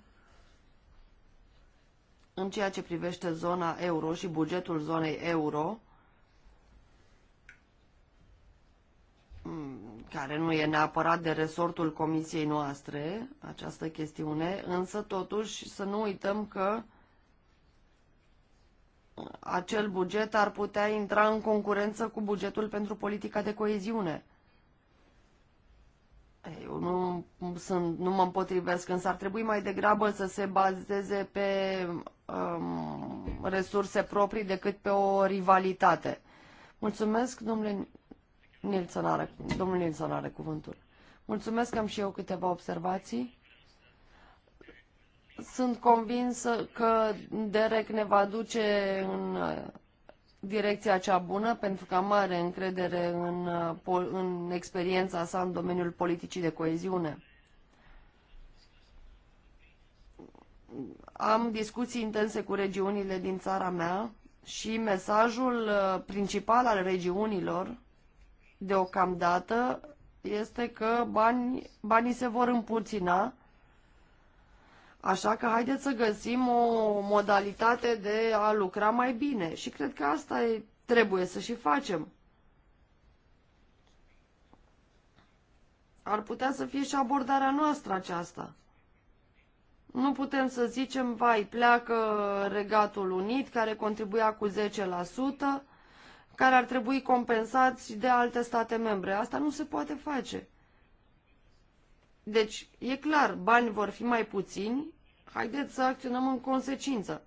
în ceea ce privește zona euro și bugetul zonei euro, mm, care nu e neapărat de resortul comisiei noastre, această chestiune, însă totuși să nu uităm că acel buget ar putea intra în concurență cu bugetul pentru politica de coeziune. sunt, nu mă împotrivesc, însă ar trebui mai degrabă să se bazeze pe um, resurse proprii decât pe o rivalitate. Mulțumesc, domnule Nilsson are, domnul Nilsson are cuvântul. Mulțumesc, am și eu câteva observații. Sunt convinsă că Derek ne va duce în direcția cea bună, pentru că am mare încredere în, în experiența sa în domeniul politicii de coeziune. am discuții intense cu regiunile din țara mea și mesajul uh, principal al regiunilor deocamdată este că bani, banii se vor împuțina, așa că haideți să găsim o modalitate de a lucra mai bine și cred că asta e, trebuie să și facem. Ar putea să fie și abordarea noastră aceasta. Nu putem să zicem, vai, pleacă Regatul Unit, care contribuia cu 10%, care ar trebui compensați de alte state membre. Asta nu se poate face. Deci, e clar, bani vor fi mai puțini, haideți să acționăm în consecință.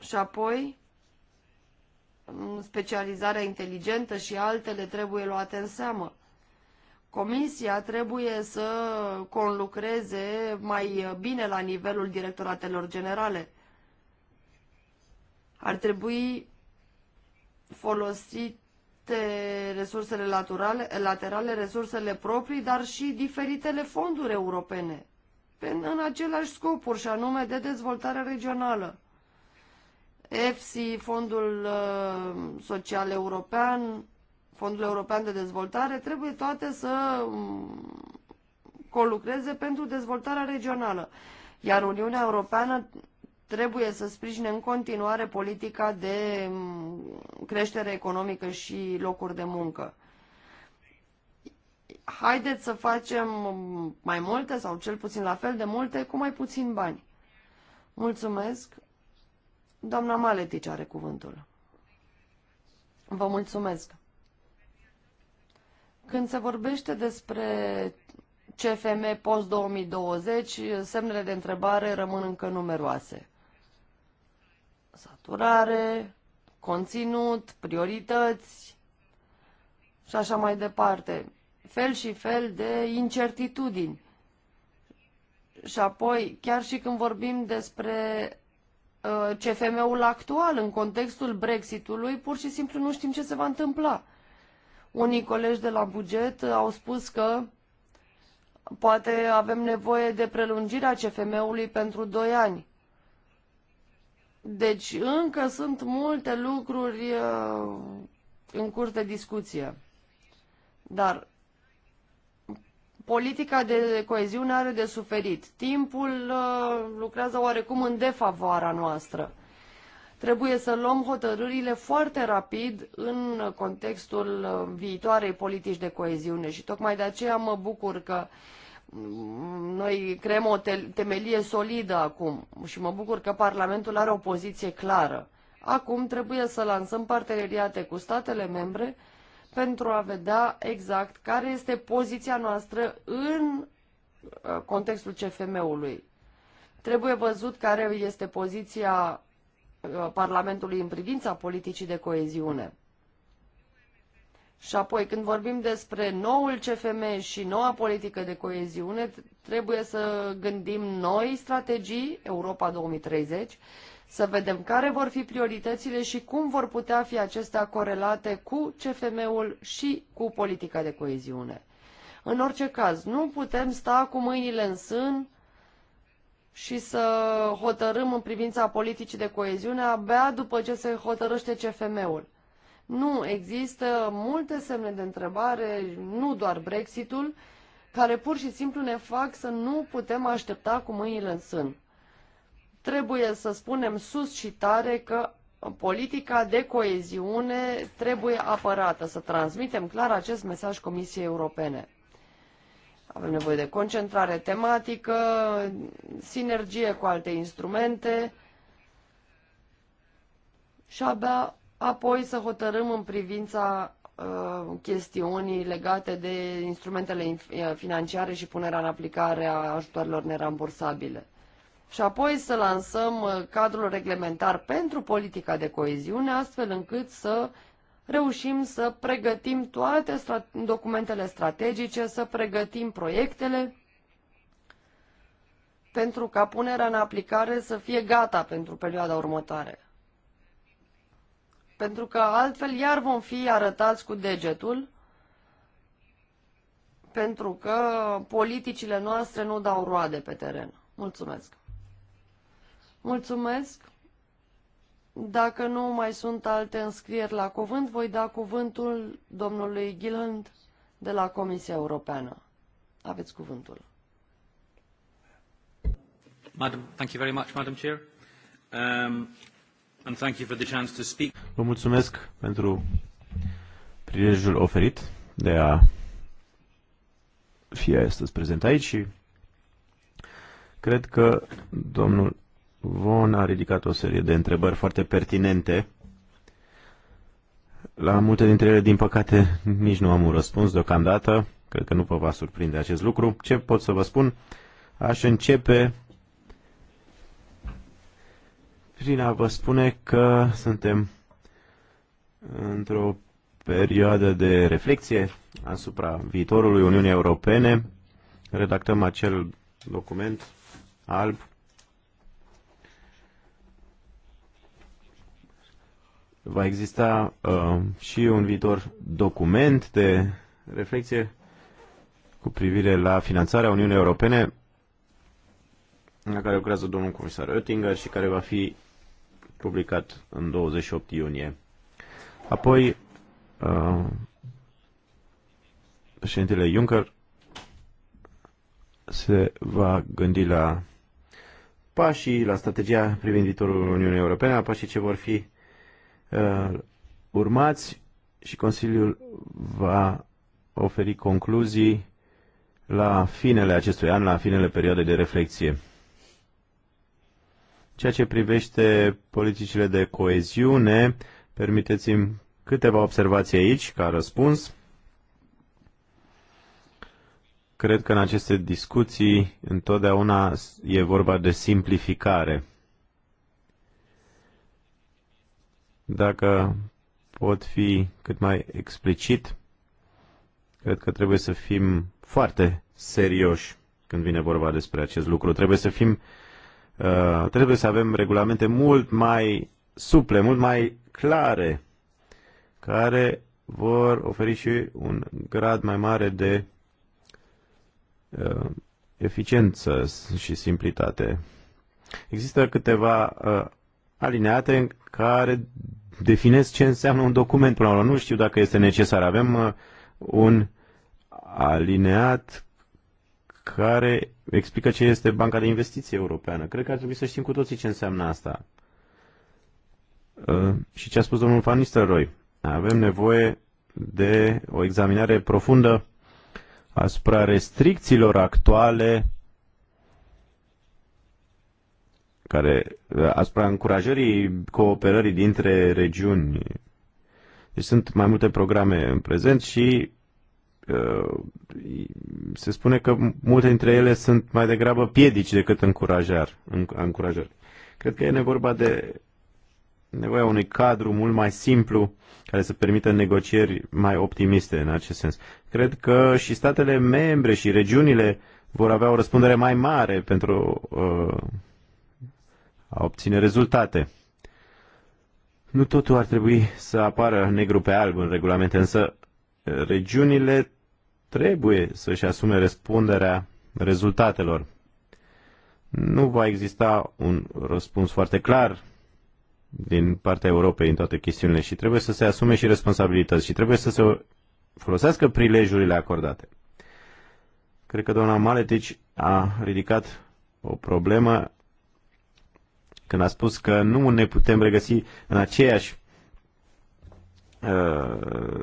Și apoi, mm, specializarea inteligentă și altele trebuie luate în seamă. Comisia trebuie să conlucreze mai bine la nivelul directoratelor generale. Ar trebui folosite resursele laterale, laterale, resursele proprii, dar și diferitele fonduri europene, în același scopuri, și anume de dezvoltare regională. EFSI, Fondul uh, Social European, Fondul European de Dezvoltare, trebuie toate să mm, colucreze pentru dezvoltarea regională. Iar Uniunea Europeană trebuie să sprijine în continuare politica de mm, creștere economică și locuri de muncă. Haideți să facem mm, mai multe sau cel puțin la fel de multe cu mai puțin bani. Mulțumesc. Doamna Maletici are cuvântul. Vă mulțumesc. Când se vorbește despre CFM post-2020, semnele de întrebare rămân încă numeroase. Saturare, conținut, priorități și așa mai departe. Fel și fel de incertitudini. Și apoi, chiar și când vorbim despre uh, CFM-ul actual, în contextul Brexitului, pur și simplu nu știm ce se va întâmpla. Unii colegi de la buget au spus că poate avem nevoie de prelungirea CFM-ului pentru 2 ani. Deci încă sunt multe lucruri uh, în curs de discuție. Dar politica de coeziune are de suferit. Timpul uh, lucrează oarecum în defavoarea noastră. Trebuie să luăm hotărârile foarte rapid în contextul uh, viitoarei politici de coeziune și tocmai de aceea mă bucur că mm, noi creăm o temelie solidă acum și mă bucur că Parlamentul are o poziție clară. Acum trebuie să lansăm parteneriate cu statele membre pentru a vedea exact care este poziția noastră în uh, contextul CFM-ului. Trebuie văzut care este poziția Parlamentului în privința politicii de coeziune. Și apoi, când vorbim despre noul CFM și noua politică de coeziune, trebuie să gândim noi strategii, Europa 2030, să vedem care vor fi prioritățile și cum vor putea fi acestea corelate cu CFM-ul și cu politica de coeziune. În orice caz, nu putem sta cu mâinile în sân și să hotărâm în privința politicii de coeziune abia după ce se hotărăște CFM-ul. Nu, există multe semne de întrebare, nu doar Brexitul, care pur și simplu ne fac să nu putem aștepta cu mâinile în sân. Trebuie să spunem sus și tare că politica de coeziune trebuie apărată, să transmitem clar acest mesaj Comisiei Europene. Avem nevoie de concentrare tematică, sinergie cu alte instrumente și abia apoi să hotărâm în privința uh, chestiunii legate de instrumentele uh, financiare și punerea în aplicare a ajutoarelor nerambursabile. Și apoi să lansăm uh, cadrul reglementar pentru politica de coeziune, astfel încât să uh, reușim să pregătim toate documentele strategice, să pregătim proiectele pentru ca punerea în aplicare să fie gata pentru perioada următoare. Pentru că altfel iar vom fi arătați cu degetul pentru că politicile noastre nu dau roade pe teren. Mulțumesc! Mulțumesc! Dacă nu mai sunt alte înscrieri la cuvânt, voi da cuvântul domnului Gilland de la Comisia Europeană. Aveți cuvântul. Madam, thank you very much, Madam Chair. Um, and thank you for the chance to speak. Vă mulțumesc pentru prilejul oferit de a fi astăzi prezent aici și cred că domnul Von a ridicat o serie de întrebări foarte pertinente. La multe dintre ele, din păcate, nici nu am un răspuns deocamdată. Cred că nu vă va surprinde acest lucru. Ce pot să vă spun? Aș începe prin a vă spune că suntem într-o perioadă de reflexie asupra viitorului Uniunii Europene. Redactăm acel document alb va exista uh, și un viitor document de reflexie cu privire la finanțarea Uniunii Europene la care lucrează domnul comisar Oettinger și care va fi publicat în 28 iunie. Apoi, uh, președintele Juncker se va gândi la pașii, la strategia privind viitorul Uniunii Europene, la pașii ce vor fi uh, urmați și Consiliul va oferi concluzii la finele acestui an, la finele perioadei de reflexie. Ceea ce privește politicile de coeziune, permiteți-mi câteva observații aici ca răspuns. Cred că în aceste discuții întotdeauna e vorba de simplificare. Dacă pot fi cât mai explicit, cred că trebuie să fim foarte serioși când vine vorba despre acest lucru. Trebuie să fim, uh, trebuie să avem regulamente mult mai suple, mult mai clare, care vor oferi și un grad mai mare de uh, eficiență și simplitate. Există câteva uh, alineate în care definesc ce înseamnă un document până la urmă. Nu știu dacă este necesar. Avem uh, un alineat care explică ce este Banca de Investiții Europeană. Cred că ar trebui să știm cu toții ce înseamnă asta. Uh, și ce a spus domnul Van Nistelrooy. Avem nevoie de o examinare profundă asupra restricțiilor actuale care uh, asupra încurajării cooperării dintre regiuni. Deci sunt mai multe programe în prezent și uh, se spune că multe dintre ele sunt mai degrabă piedici decât încurajări. încurajări. Cred că e nevorba de nevoia unui cadru mult mai simplu care să permită negocieri mai optimiste în acest sens. Cred că și statele membre și regiunile vor avea o răspundere mai mare pentru uh, a obține rezultate. Nu totul ar trebui să apară negru pe alb în regulamente, însă eh, regiunile trebuie să-și asume răspunderea rezultatelor. Nu va exista un răspuns foarte clar din partea Europei în toate chestiunile și trebuie să se asume și responsabilități și trebuie să se folosească prilejurile acordate. Cred că doamna Maletici a ridicat o problemă când a spus că nu ne putem regăsi în aceeași uh,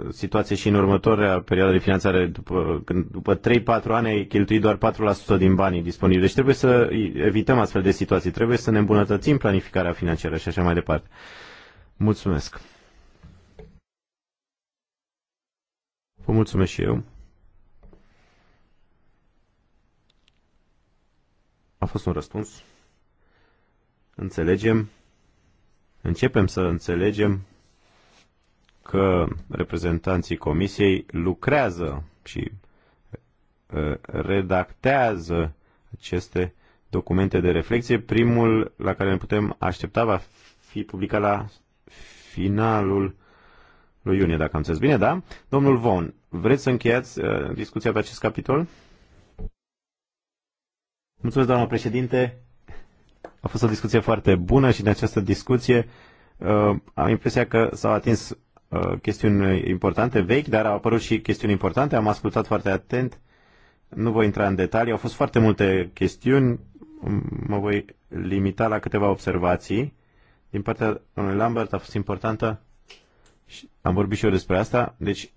situație și în următoarea perioadă de finanțare, după, când, după 3-4 ani ai cheltuit doar 4% din banii disponibili. Deci trebuie să evităm astfel de situații, trebuie să ne îmbunătățim planificarea financiară și așa mai departe. Mulțumesc! Vă mulțumesc și eu. A fost un răspuns înțelegem, începem să înțelegem că reprezentanții comisiei lucrează și uh, redactează aceste documente de reflexie. Primul la care ne putem aștepta va fi publicat la finalul lui iunie, dacă am înțeles bine, da? Domnul Von, vreți să încheiați uh, discuția pe acest capitol? Mulțumesc, doamna președinte. A fost o discuție foarte bună și în această discuție uh, am impresia că s-au atins uh, chestiuni importante, vechi, dar au apărut și chestiuni importante. Am ascultat foarte atent. Nu voi intra în detalii. Au fost foarte multe chestiuni. Mă voi limita la câteva observații. Din partea domnului Lambert a fost importantă și am vorbit și eu despre asta. Deci,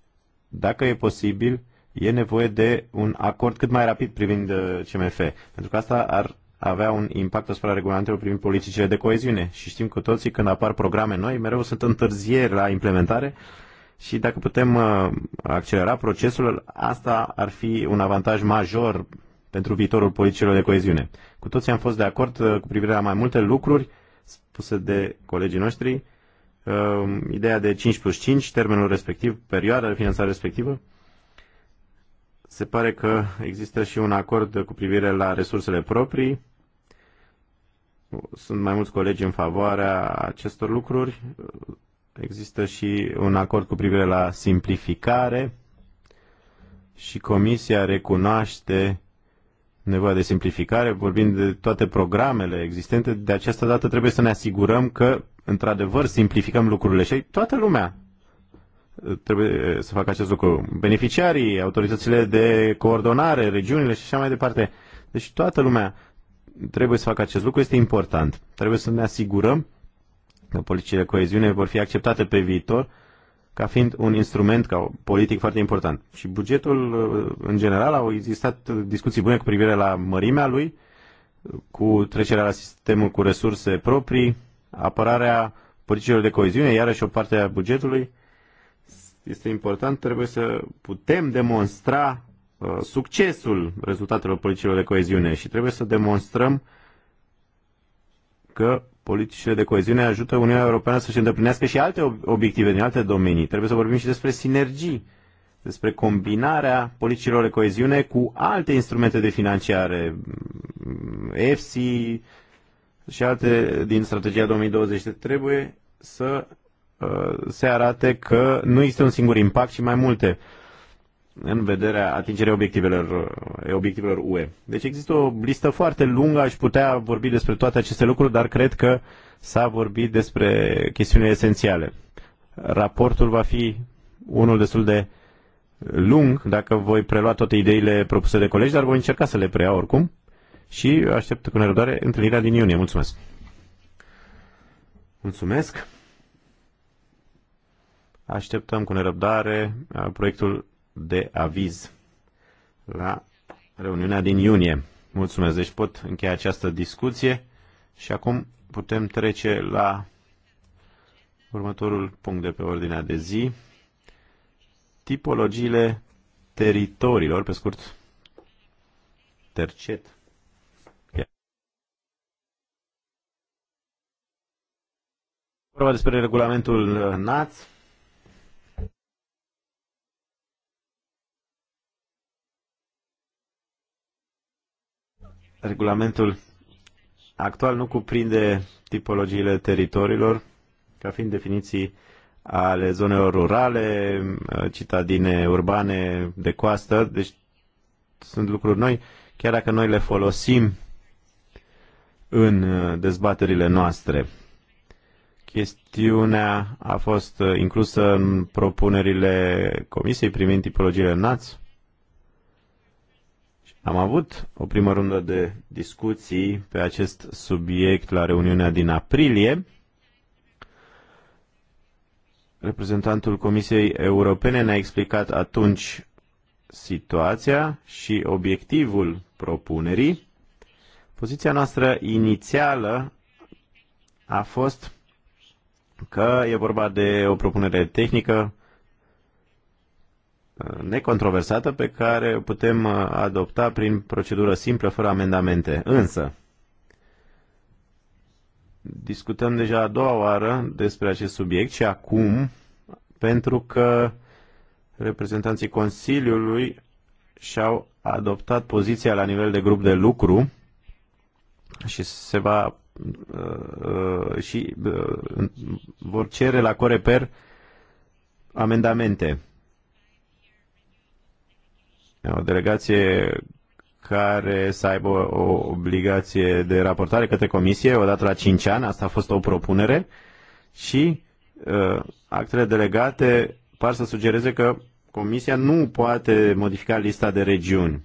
dacă e posibil, e nevoie de un acord cât mai rapid privind uh, CMF. Pentru că asta ar avea un impact asupra regulamentelor privind politicile de coeziune. Și știm cu toții când apar programe noi, mereu sunt întârzieri la implementare și dacă putem uh, accelera procesul, asta ar fi un avantaj major pentru viitorul politicilor de coeziune. Cu toții am fost de acord uh, cu privire la mai multe lucruri spuse de colegii noștri, uh, ideea de 5 plus 5, termenul respectiv, perioada de finanțare respectivă. Se pare că există și un acord cu privire la resursele proprii sunt mai mulți colegi în favoarea acestor lucruri. Există și un acord cu privire la simplificare și Comisia recunoaște nevoia de simplificare, Vorbind de toate programele existente, de această dată trebuie să ne asigurăm că, într-adevăr, simplificăm lucrurile și toată lumea trebuie să facă acest lucru. Beneficiarii, autoritățile de coordonare, regiunile și așa mai departe. Deci toată lumea trebuie să facă acest lucru este important. Trebuie să ne asigurăm că politicile de coeziune vor fi acceptate pe viitor ca fiind un instrument ca politic foarte important. Și bugetul, în general, au existat discuții bune cu privire la mărimea lui, cu trecerea la sistemul cu resurse proprii, apărarea politicilor de coeziune, iarăși o parte a bugetului este important, trebuie să putem demonstra Uh, succesul rezultatelor politicilor de coeziune și trebuie să demonstrăm că politicile de coeziune ajută Uniunea Europeană să-și îndeplinească și alte obiective din alte domenii. Trebuie să vorbim și despre sinergii, despre combinarea politicilor de coeziune cu alte instrumente de finanțare, EFSI mm, și alte din strategia 2020. Trebuie să uh, se arate că nu există un singur impact, ci mai multe în vederea atingerii obiectivelor, eh, obiectivelor UE. Deci există o listă foarte lungă, aș putea vorbi despre toate aceste lucruri, dar cred că s-a vorbit despre chestiunile esențiale. Raportul va fi unul destul de lung, dacă voi prelua toate ideile propuse de colegi, dar voi încerca să le preiau oricum și aștept cu nerăbdare întâlnirea din iunie. Mulțumesc! Mulțumesc! Așteptăm cu nerăbdare uh, proiectul de aviz la reuniunea din iunie. Mulțumesc, deci pot încheia această discuție și acum putem trece la următorul punct de pe ordinea de zi. Tipologiile teritoriilor, pe scurt, tercet. Vorba despre regulamentul NAT Regulamentul actual nu cuprinde tipologiile teritoriilor ca fiind definiții ale zonelor rurale, citadine urbane, de coastă, deci sunt lucruri noi, chiar dacă noi le folosim în dezbaterile noastre. Chestiunea a fost inclusă în propunerile Comisiei privind tipologiile NAți am avut o primă rundă de discuții pe acest subiect la reuniunea din aprilie. Reprezentantul Comisiei Europene ne-a explicat atunci situația și obiectivul propunerii. Poziția noastră inițială a fost că e vorba de o propunere tehnică necontroversată pe care o putem uh, adopta prin procedură simplă, fără amendamente. Însă, discutăm deja a doua oară despre acest subiect și acum, pentru că reprezentanții Consiliului și-au adoptat poziția la nivel de grup de lucru și se va uh, uh, și vor cere la Coreper amendamente o delegație care să aibă o obligație de raportare către comisie odată la 5 ani, asta a fost o propunere, și uh, actele delegate par să sugereze că comisia nu poate modifica lista de regiuni.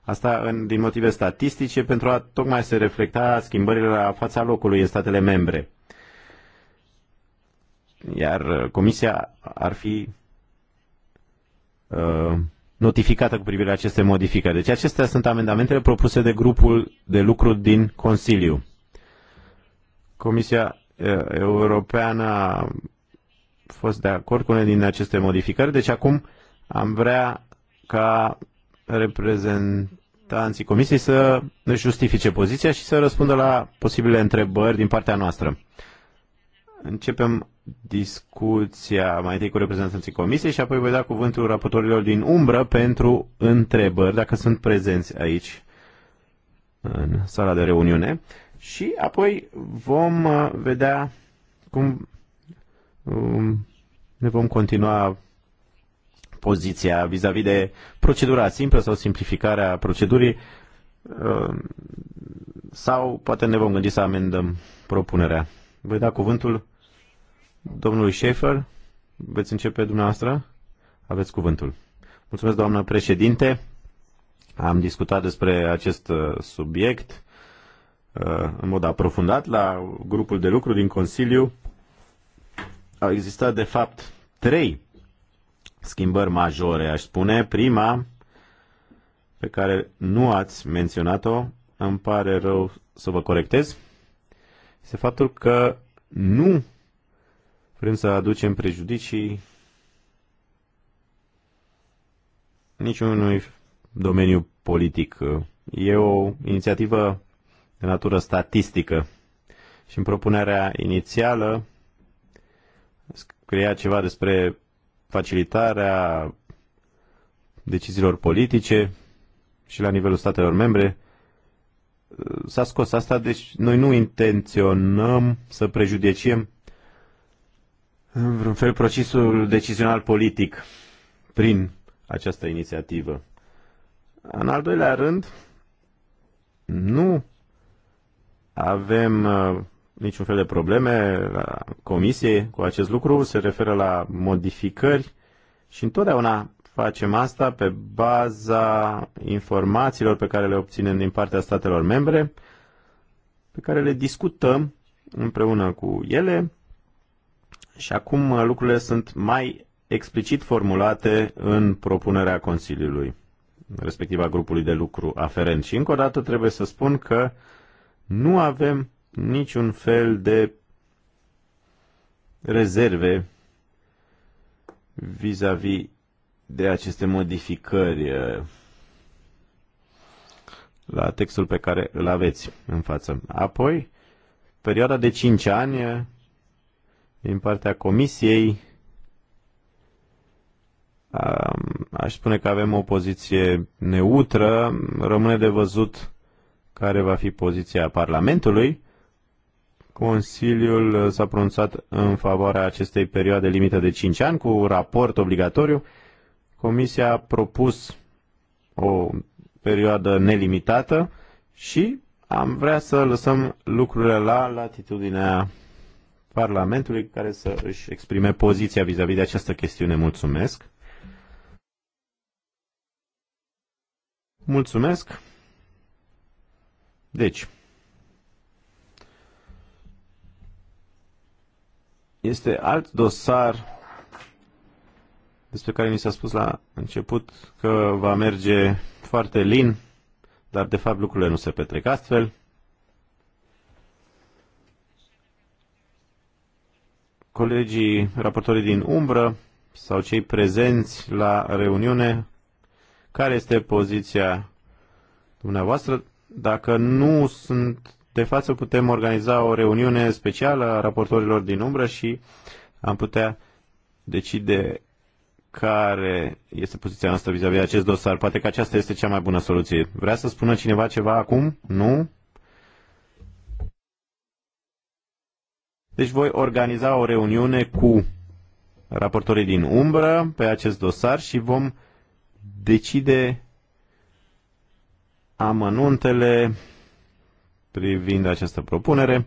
Asta în, din motive statistice pentru a tocmai se reflecta schimbările la fața locului în statele membre. Iar uh, comisia ar fi uh, notificată cu privire la aceste modificări. Deci acestea sunt amendamentele propuse de grupul de lucru din Consiliu. Comisia eh, Europeană a fost de acord cu unele din aceste modificări, deci acum am vrea ca reprezentanții Comisiei să își justifice poziția și să răspundă la posibile întrebări din partea noastră. Începem discuția mai întâi cu reprezentanții comisiei și apoi voi da cuvântul raportorilor din umbră pentru întrebări, dacă sunt prezenți aici în sala de reuniune. Și apoi vom uh, vedea cum um, ne vom continua poziția vis-a-vis -vis de procedura simplă sau simplificarea procedurii uh, sau poate ne vom gândi să amendăm propunerea. Voi da cuvântul Domnului Schaefer, veți începe dumneavoastră? Aveți cuvântul. Mulțumesc, doamnă președinte. Am discutat despre acest uh, subiect uh, în mod aprofundat la grupul de lucru din Consiliu. Au existat, de fapt, trei schimbări majore, aș spune. Prima, pe care nu ați menționat-o, îmi pare rău să vă corectez, este faptul că nu Vrem să aducem prejudicii niciunui domeniu politic. E o inițiativă de natură statistică și în propunerea inițială scria ceva despre facilitarea deciziilor politice și la nivelul statelor membre. S-a scos asta, deci noi nu intenționăm să prejudiciem în vreun fel procesul decizional politic prin această inițiativă. În al doilea rând, nu avem uh, niciun fel de probleme la comisie cu acest lucru, se referă la modificări și întotdeauna facem asta pe baza informațiilor pe care le obținem din partea statelor membre, pe care le discutăm împreună cu ele și acum uh, lucrurile sunt mai explicit formulate în propunerea Consiliului, respectiv a grupului de lucru aferent. Și încă o dată trebuie să spun că nu avem niciun fel de rezerve vis-a-vis -vis de aceste modificări uh, la textul pe care îl aveți în față. Apoi, perioada de 5 ani uh, din partea Comisiei, aș spune că avem o poziție neutră. Rămâne de văzut care va fi poziția Parlamentului. Consiliul s-a pronunțat în favoarea acestei perioade limită de 5 ani cu raport obligatoriu. Comisia a propus o perioadă nelimitată și am vrea să lăsăm lucrurile la latitudinea Parlamentului care să își exprime poziția vis-a-vis -vis de această chestiune. Mulțumesc! Mulțumesc! Deci, este alt dosar despre care mi s-a spus la început că va merge foarte lin, dar de fapt lucrurile nu se petrec astfel. colegii raportorii din umbră sau cei prezenți la reuniune, care este poziția dumneavoastră. Dacă nu sunt de față, putem organiza o reuniune specială a raportorilor din umbră și am putea decide care este poziția noastră vis-a-vis -vis acest dosar. Poate că aceasta este cea mai bună soluție. Vrea să spună cineva ceva acum? Nu? Deci voi organiza o reuniune cu raportorii din umbră pe acest dosar și vom decide amănuntele privind această propunere.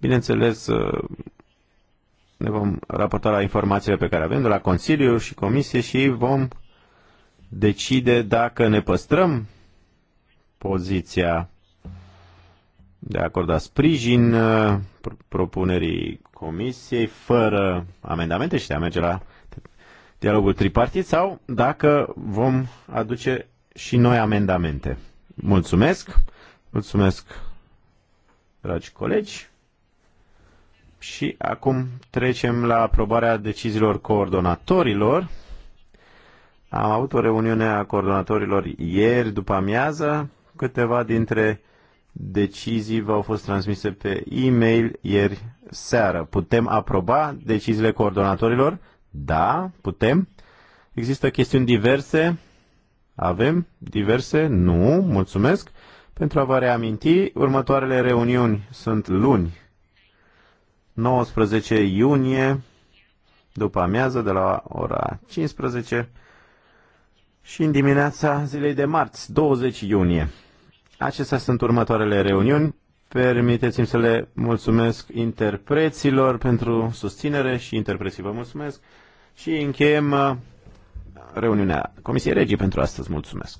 Bineînțeles, ne vom raporta la informațiile pe care avem de la Consiliu și Comisie și vom decide dacă ne păstrăm poziția de a acorda sprijin uh, propunerii comisiei fără amendamente și de a merge la dialogul tripartit sau dacă vom aduce și noi amendamente. Mulțumesc! Mulțumesc, dragi colegi! Și acum trecem la aprobarea deciziilor coordonatorilor. Am avut o reuniune a coordonatorilor ieri după amiază. Câteva dintre Decizii v-au fost transmise pe e-mail ieri seară. Putem aproba deciziile coordonatorilor? Da, putem. Există chestiuni diverse? Avem diverse? Nu, mulțumesc. Pentru a vă reaminti, următoarele reuniuni sunt luni, 19 iunie, după amiază, de la ora 15 și în dimineața zilei de marți, 20 iunie. Acestea sunt următoarele reuniuni. Permiteți-mi să le mulțumesc interpreților pentru susținere și interpreții vă mulțumesc și încheiem uh, reuniunea Comisiei Regii pentru astăzi. Mulțumesc!